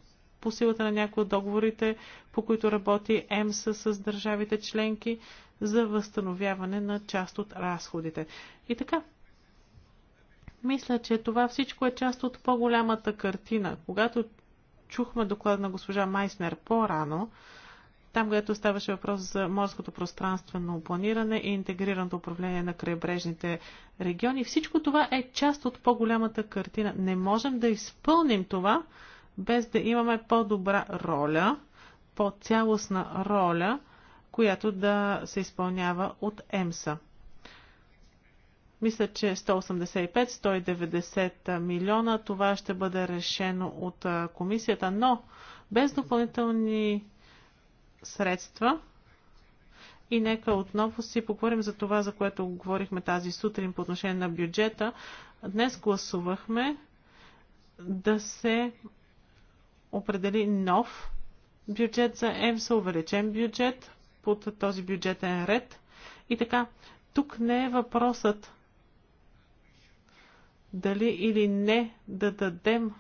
по силата на някои от договорите, по които работи ЕМС с държавите членки за възстановяване на част от разходите. И така, мисля, че това всичко е част от по-голямата картина. Когато чухме доклада на госпожа Майснер по-рано, там, където ставаше въпрос за морското пространствено планиране и интегрираното управление на крайбрежните региони. Всичко това е част от по-голямата картина. Не можем да изпълним това, без да имаме по-добра роля, по-цялостна роля, която да се изпълнява от ЕМСА. Мисля, че 185-190 милиона това ще бъде решено от комисията, но без допълнителни средства. И нека отново си поговорим за това, за което говорихме тази сутрин по отношение на бюджета. Днес гласувахме да се определи нов бюджет за ЕМСА, увеличен бюджет под този бюджетен ред. И така, тук не е въпросът дали или не да дадем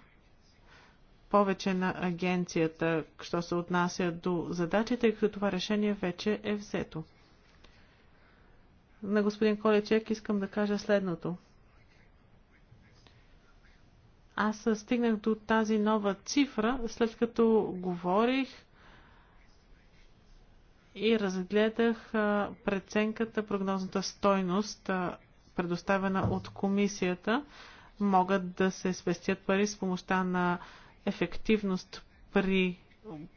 повече на агенцията, що се отнася до задачите, тъй като това решение вече е взето. На господин Колечек искам да кажа следното. Аз стигнах до тази нова цифра, след като говорих и разгледах преценката, прогнозната стойност предоставена от комисията, могат да се спестят пари с помощта на ефективност при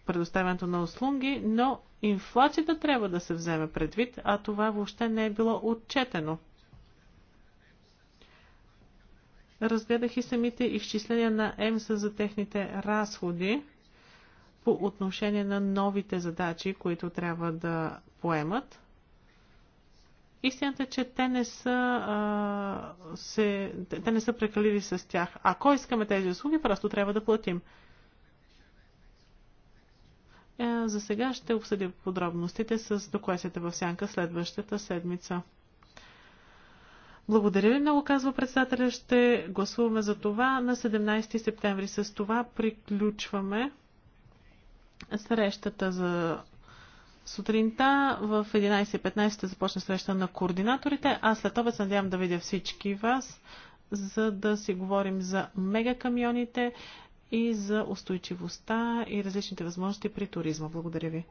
предоставянето на услуги, но инфлацията трябва да се вземе предвид, а това въобще не е било отчетено. Разгледах и самите изчисления на ЕМС за техните разходи по отношение на новите задачи, които трябва да поемат. Истината е, че те не са, а, се, те не са прекалили с тях. Ако искаме тези услуги, просто трябва да платим. Е, за сега ще обсъдя подробностите с докласите в сянка следващата седмица. Благодаря ви много, казва председателя. Ще гласуваме за това на 17 септември. С това приключваме срещата за Сутринта в 11.15 започна среща на координаторите, Аз след обед се надявам да видя всички вас, за да си говорим за мегакамионите и за устойчивостта и различните възможности при туризма. Благодаря ви.